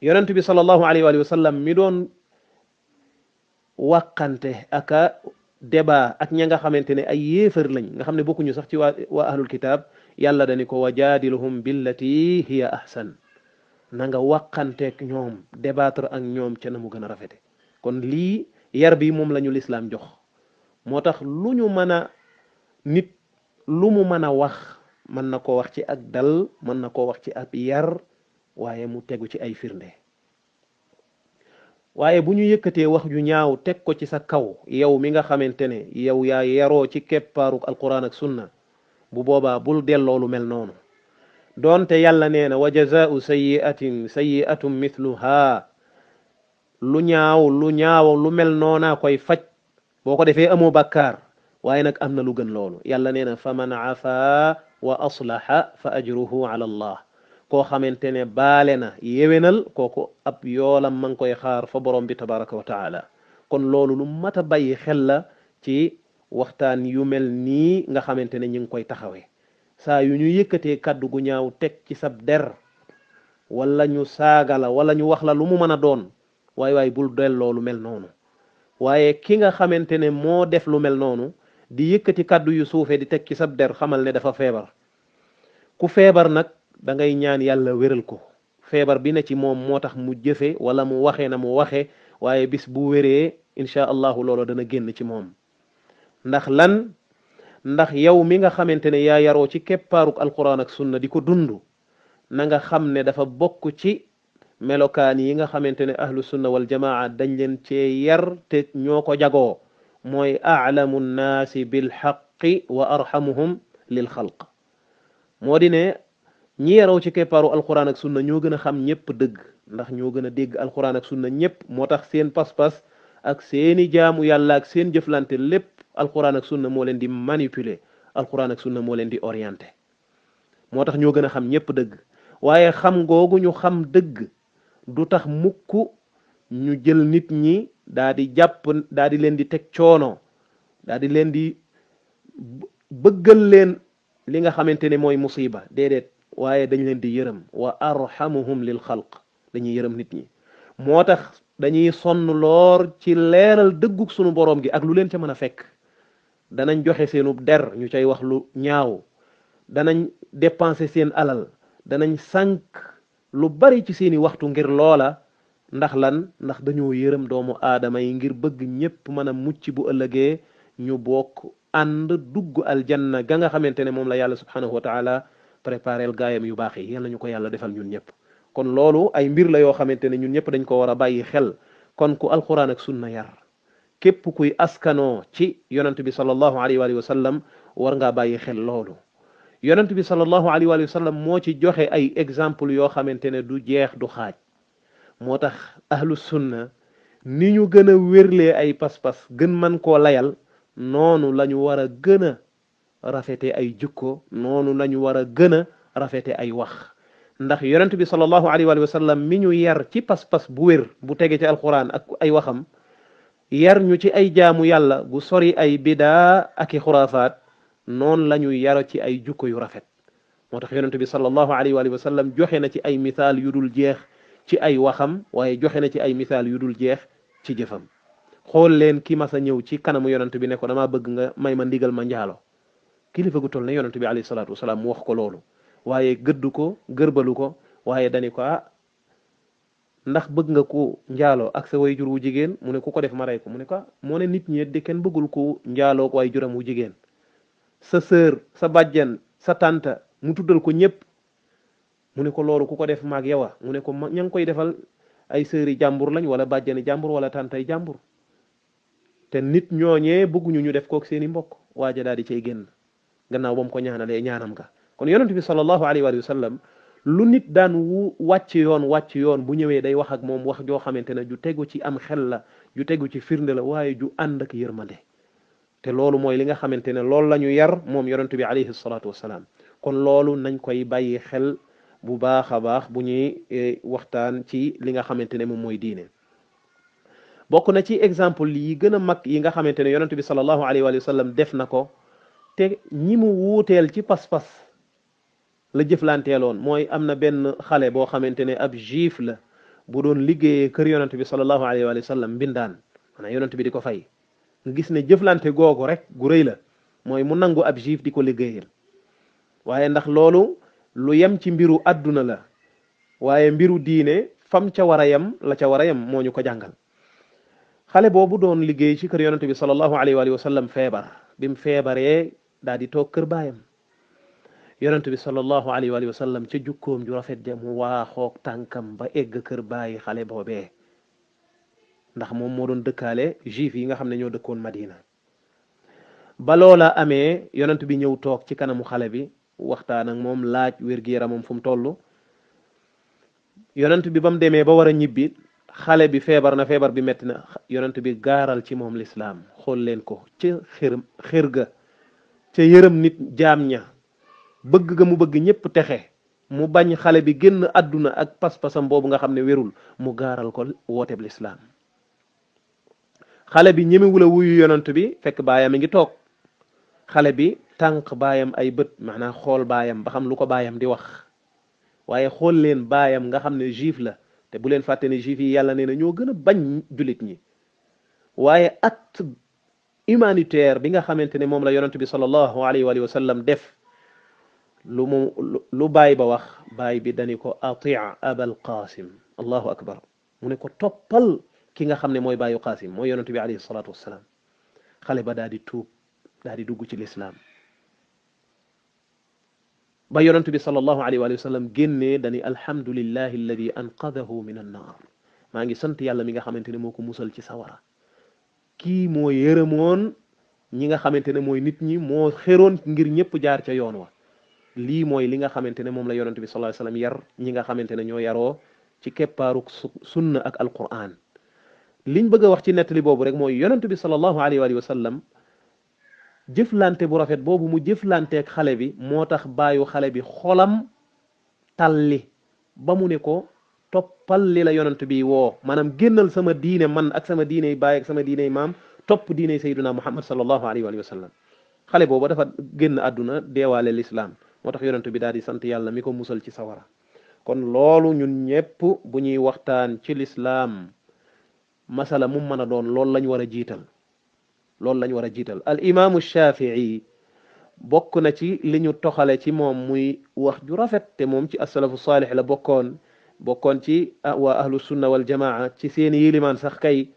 yonent bi sallallahu alayhi wa mi doon waqante aka débat ak ña nga xamante ne ay yéefar lañ nga xam ne bokkuñu sax ci waa waa ahlul kitaab yàlla dani ko wa jaadiluhum billati hiya ahsan na nga wàqanteeg ñoom débattre ak ñoom ca na mu gën a rafete kon lii yar bi moom lañu lislaam jox moo tax lu ñu mën a nit lu mu mën a wax mën na ko wax ci ak dal mën na ko wax ci ak yar waaye mu tegu ci ay firnde waaye bu ñu yëkkatee wax ju ñaaw teg ko ci sa kaw yow mi nga xamante ne yow yaa yaroo ci keppaaruk alquran ak sunna bu boobaa bul delloo lu mel noonu doonte yàlla nee na wa jazaau sayiatin sayiatum mithluha lu ñaaw lu ñaaw lu mel noonaa koy faj boo ko defee amoo bàkkaar waaye nag am na lu gën loolu yàlla nee na fa man afa wa aslaha fa ajruhu ala allah koo xamante ne baale na yewenal kooku ab yoolam ma ngi koy xaar fa borom bi tabaraka wa taala kon loolu lu mat a bàyyi xel la ci waxtaan yu mel nii nga xamante ne ñu ngi koy taxawee saa yu ñu yëkkatee kàddu gu ñaaw teg ci sab der wala ñu saaga la wala ñu wax la lu mu mën a doon waay waay bul del loolu mel noonu waaye ki nga xamante ne moo def lu mel noonu di yëkkati kàddu yu suufee di teg ci sab der xamal ne dafa feebar ku feebar nag da ngay ñaan yàlla wéral ko feebar bi na ci moom moo tax mu jëfe wala mu waxee na mu waxee waaye bis bu wéree incha allahu loolu dana génn ci moom ndax lan ndax yow mi nga xamante ne yaa yaroo ci keppaaruk alquran ak sunna di ko dund na nga xam ne dafa bokk ci melokaan yi nga xamante ne ahlu sunna wal jamaa dañ leen cee yar te ñoo ko jagoo mooy aalamu nnaasi bilxaqi wa arxamuhum lil xalq moo di ne ñi yaraw ci keppaaru alquran ak sunna ñoo gën a xam ñëpp dëgg ndax ñoo gën a dégg alquran ak sunna ñëpp moo tax seen pas-pas ak seeni jaamu yàlla ak seen jëflante lépp alquran ak sunna moo leen di manipuler alquran ak sunna moo leen di orienté moo tax ñoo gën a xam ñëpp dëgg waaye xam googu ñu xam dëgg du tax mukk ñu jël nit ñi daa di jàpp daa di leen di teg coono daa di leen di bëggal leen li nga xamante ne mooy musiba déedéet waaye dañ leen di yërëm wa arhamuhum lil xalq dañuy yërëm nit ñi moo tax dañuy sonn loor ci leeral dëggug sunu boroom gi ak lu leen ca mën a fekk danañ joxe seenu der ñu cay wax lu ñaaw danañ dépenser seen alal danañ sànk lu bari ci seeni waxtu ngir loola ndax lan ndax dañoo yërëm doomu aadama yi ngir bëgg ñépp mën a mucc bu ëllëgee ñu bokk ànd dugg aljanna ga nga xamante ne moom la yàlla subhanahu wa taala préparel gaayam yu baax yi yal nañu ko yàlla defal ñun ñëpp kon loolu ay mbir la yoo xamante ne ñun ñëpp dañ ko war a bàyyi xel kon ku alquran ak sunna yar képp kuy askanoo ci yonent bi sallallahu alayhi wa sallam war ngaa bàyyi xel loolu yonent bi sallallahu alayhi wa sallam moo ci joxe ay exemple yoo xamante ne du jeex du xaaj moo tax ahlu sunna ni ñu gën a wérlee ay pas-pas gën man koo layal noonu la ñu war a gën a rafete ay jukko noonu lañu ñu war a gën a rafete ay wax ndax yonent bi sallallahu alayhi wa sallam mi ñu yar ci pas-pas bu wér bu tege ci alquran ak ay waxam yar ñu ci ay jaamu yàlla bu sori ay bidaa ak i xuraafaat noonu la ñuy yaro ci ay jukko yu rafet moo tax yonent bi sallallahu alayhi wa sallam joxe na ci ay misaal yu dul jeex ci ay waxam waaye joxe na ci ay misaal yu dul jeex ci jëfam xool leen ki mas a ñëw ci kanamu yonent bi ne damaa bëgg nga may ma ndigal ma njaalo kilifa gu toll ne yonent bi alayhi salaatu wasalaam mu wax ko loolu waaye gëddu ko gërbalu ko waaye dani ko ah ndax bëgg nga ku njaaloo ak sa way jur wu jigéen mu ne ku ko def ma rey ko mu ne ko ah, moo ne nit ñi di bëggul ko njaaloo waay juram wu jigéen sa sœur sa bàjjen sa tante mu tuddal ko ñëpp mu ne ko loolu ku ko def maag yowa mu ne ko ña koy defal ay yi jàmbur lañ wala bàjjani jàmbur wala yi jàmbur te nit ñooñee bëgguñu ñu def kook seeni mbokk waaja daal di cay génn gannaaw ba mu ko ñaanalee ñaanam ga kon yonent bi sallallahu alayhi wa sallam lu nit daan wu wàcc yoon wàcc yoon bu ñëwee day wax ak moom wax joo xamante ne ju tegu ci am xel la ju tegu ci firnde la waaye ju ànd ak yërmande te loolu mooy li nga xamante ne loolu la ñu yar moom yonent bi alayhi salaatu wasalaam kon loolu nañ koy bàyyi xel bu baax a baax bu ñuy waxtaan ci li nga xamante ne moom mooy diine bokk na ci exemple yi gën a mag yi nga xamante ne yonent bi sallallahu alayhi wa sallam def na ko te ñi mu wuuteel ci pas-pas la jëflanteeloon mooy am na benn xale boo xamante ne ab juif la bu doon liggéeyee kër yonent bi sallallahu alayhi wa sallam mbindaan maanaam yonent bi di ko fay gis ne jëflante googu rek gu rëy la mooy mu nangu ab juif di ko liggéeyal waaye ndax loolu lu yem ci mbiru àdduna la waaye mbiru diine fam ca war a yem la ca war a yem mooñu ko jàngal xale boobu doon liggéey ci kër yonente bi salallahu alayhi wa sallam feebar bi mu feebaree daal di toog kër baayam yonente bi salallahu alayhi wa sallam ca jukkoom ju rafet ja mu waaxoog tànkam ba egg kër baayi xale boobee ndax moom moo doon dëkkaale juif yi nga xam ne ñoo dëkkoon Madina ba loola amee yonent bi ñëw toog ci kanamu xale bi waxtaan ak moom laaj wér-gu-yaramam fu mu toll yonent bi ba mu demee ba war a ñibbi xale bi feebar na feebar bi metti na yonent bi gaaral ci moom lislaam xool leen ko ca xër ga ca yërëm nit jaam ña bëgg ga mu bëgg ñépp texe mu bañ xale bi génn àdduna ak pas-pasam boobu nga xam ne wérul mu gaaral ko wooteeb lislaam xale bi ñemewul a wuyu yonent bi fekk bayam ngi tok xale bi tank bayam ay bët maanaam xol bayam ba xam lu ko baayam di wax waye xol leen bayam nga xamne jif la te bu leen fatene jif yi yàlla neena na ñoo gën bañ julit ñi waye at humanitaire bi nga xamantene mom la yonent bi sallallahu alayhi wa sallam def lu mu lu bay ba wax bay bi daniko atia abal qasim allahu akbar mu ne ko topal ki nga xamne moy bayu qasim moy mooy bi alayhi salatu wassalam xale ba daal di tuub daal di ci l'islam ba yonent bi sallallahu alayhi wa sallam genné dani alhamdulillahi alladhi anqadhahu min nar ma ngi sante yàlla mi nga xamantene moko mussal ci sawara ki mo yërëmoon ñi nga xamantene moy nit ñi mo xeron ngir ñëpp jaar ci yoon wa li moy li nga xamantene mom la yonent bi sallallahu alayhi wa sallam yar ñi nga xamantene ño yaro ci kepparu sunna ak alquran liñ bëgg wax ci netali boobu rek mooy yonent bi sallallahu alayhi wa sallam jëflante bu rafet boobu mu jëflanteeg xale bi moo tax baayu xale bi xolam talli ba mu ne ko toppal li la yonent bi woo maanaam génnal sama diine man ak sama diine baay ak sama diine maam topp diine sayduna muhammad sallallahu alayhi wa sallam xale boobu dafa génn àdduna deewaale lislaam moo tax yonent bi daal di sant yàlla mi ko musal ci sawara kon loolu ñun ñépp bu ñuy waxtaan ci lislaam مثلا ممن دون لول لاني ورا جيتال لول لاني ورا جيتال الامام الشافعي بوك نا تي لي نيو توخالي تي موم موي واخ جو السلف الصالح لا بوكون بوكون تي السنه والجماعه تي سين يليمان صاح كاي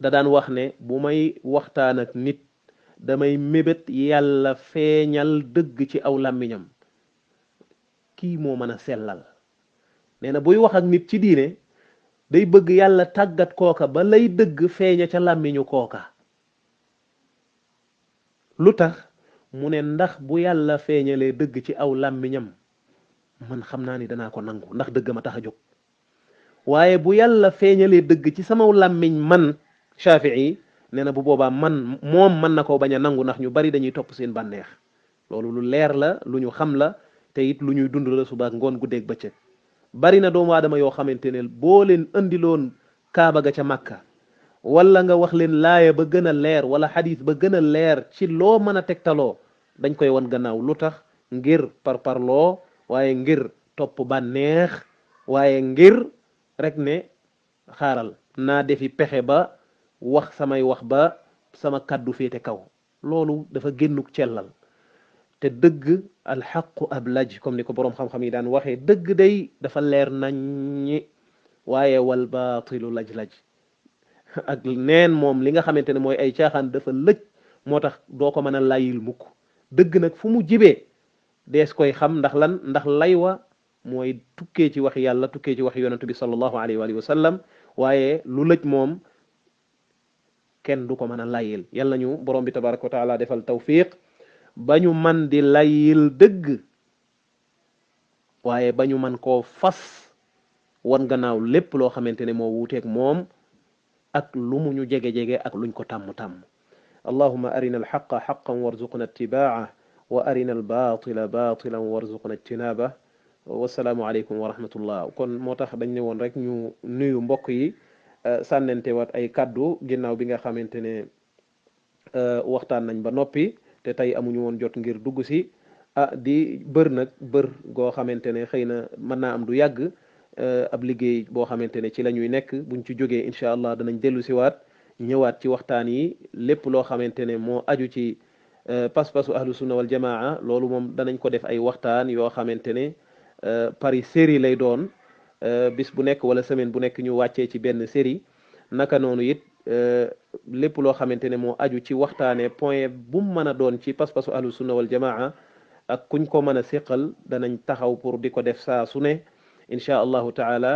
دا دان واخ ني بوماي واختان اك نيت داماي ميبت يالا فينال دغ تي او لامينم كي مو مانا سلال نينا بوي واخ اك نيت تي day bëgg yàlla tàggat kooka ba lay dëgg feeña ca làmmiñu kooka lu tax mu ne ndax bu yàlla feeñalee dëgg ci aw làmmiñam man xam naa ni danaa ko nangu ndax dëgg ma tax a jóg waaye bu yàlla feeñalee dëgg ci samaw làmmiñ man yi nee na bu boobaa man moom mën na ko bañ a nangu ndax ñu bari dañuy topp seen bànneex loolu lu leer la lu ñu xam la te it lu ñuy dund la subaak ngoon guddeeg bëccëg bari na doomu aadama yoo xamante ne boo leen andiloon kaaba ga ca màkka walla nga wax leen laaya ba gën a leer wala xadis ba gën a leer ci loo mën a tegtaloo dañ koy wan gannaaw lu tax ngir parparloo waaye ngir topp bànneex waaye ngir rek ne xaaral naa defi pexe ba wax samay wax ba sama kàddu féete kaw loolu dafa génnuk cellal te dëgg alxaqu ablaj comme ni ko boroom xam-xam yi daan waxee dëgg day dafa leer naññi waaye wal baatilu laj ak neen moom li nga xamante ne ay caaxaan dafa lëj moo tax ko mën a layil mukk dëgg nag fu mu jibee dees koy xam ndax lan ndax laywa mooy tukkee ci wax yàlla tukkee ci wax yonentu bi sallallahu alayhi wa sallam waaye lu lëj moom kenn du ko mën a layil yàlla ñu borom bi tabaraka taala defal tawfiq bañu man di layil dëgg waaye bañu man koo fas wan gannaaw lépp loo xamante ne moo wuuteeg moom ak lumu ñu jege-jege ak luñ ko tàmm-tàmm allahuma arina alxaqa xaqan warzuqna ittibaaca wa arina albatila batilan warzuqna ijtinaaba wasalaamu aleykum wa rahmatullah kon moo tax dañ ne woon rek ñu nuyu mbokk yi euh, sànnente waat ay kàddu ginnaaw bi nga xamante ne euh, waxtaan nañ ba noppi te tey amuñu woon jot ngir dugg si a ah, di bër nag bër goo xamante ne xëy na mën naa am du yàgg eh, ab liggéey boo xamante ne ci la ñuy nekk buñ ci jógee incha allah danañ dellu siwaat ñëwaat ci waxtaan yi lépp loo xamante ne moo aju ci eh, pas-pasu ahlu sunna wal jamaa loolu moom danañ ko def ay waxtaan yoo xamante ne eh, pari série lay doon bis bu nekk wala semaine bu nekk ñu wàccee ci benn série naka noonu it lépp loo xamante ne moo aju ci waxtaanee point bu mu mën a doon ci pas-pasu ahlu sunna wal jamaa ak kuñ ko mën a séqal danañ taxaw pour di ko def saa su ne inchaa allahu taala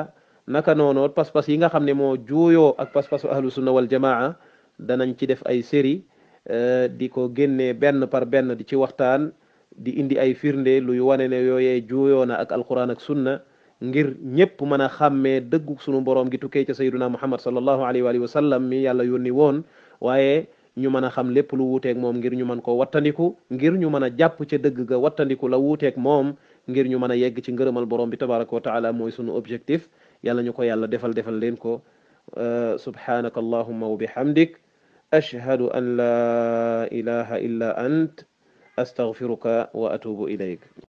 naka noonu pas-pas yi nga xam ne moo juuyoo ak pas-pasu ahlu sunna wal danañ ci def ay série euh, di ko génnee benn par benn di ci waxtaan di indi ay firnde luy wane ne yooyee juuyoo na ak alquran ak sunna ngir ñépp mën a xàmmee suñu borom boroom gi tukkee ca sayyiduna muhammad sallallahu alayhi wa sallam mi yàlla yoni woon waaye ñu mën a xam lépp lu wuuteeg moom ngir ñu mën ko wattandiku ngir ñu mën a jàpp ca dëgg ga wattandiku la wuuteeg moom ngir ñu mën a yegg ci ngërëmal borom bi tabaaraku wa taala mooy sunu objectif yàlla ñu ko yàlla defal defal leen ko ee, subhanak allahumma wa bihamdik ashhadu an la ilaha illa ant astaghfiruka wa atubu ilayk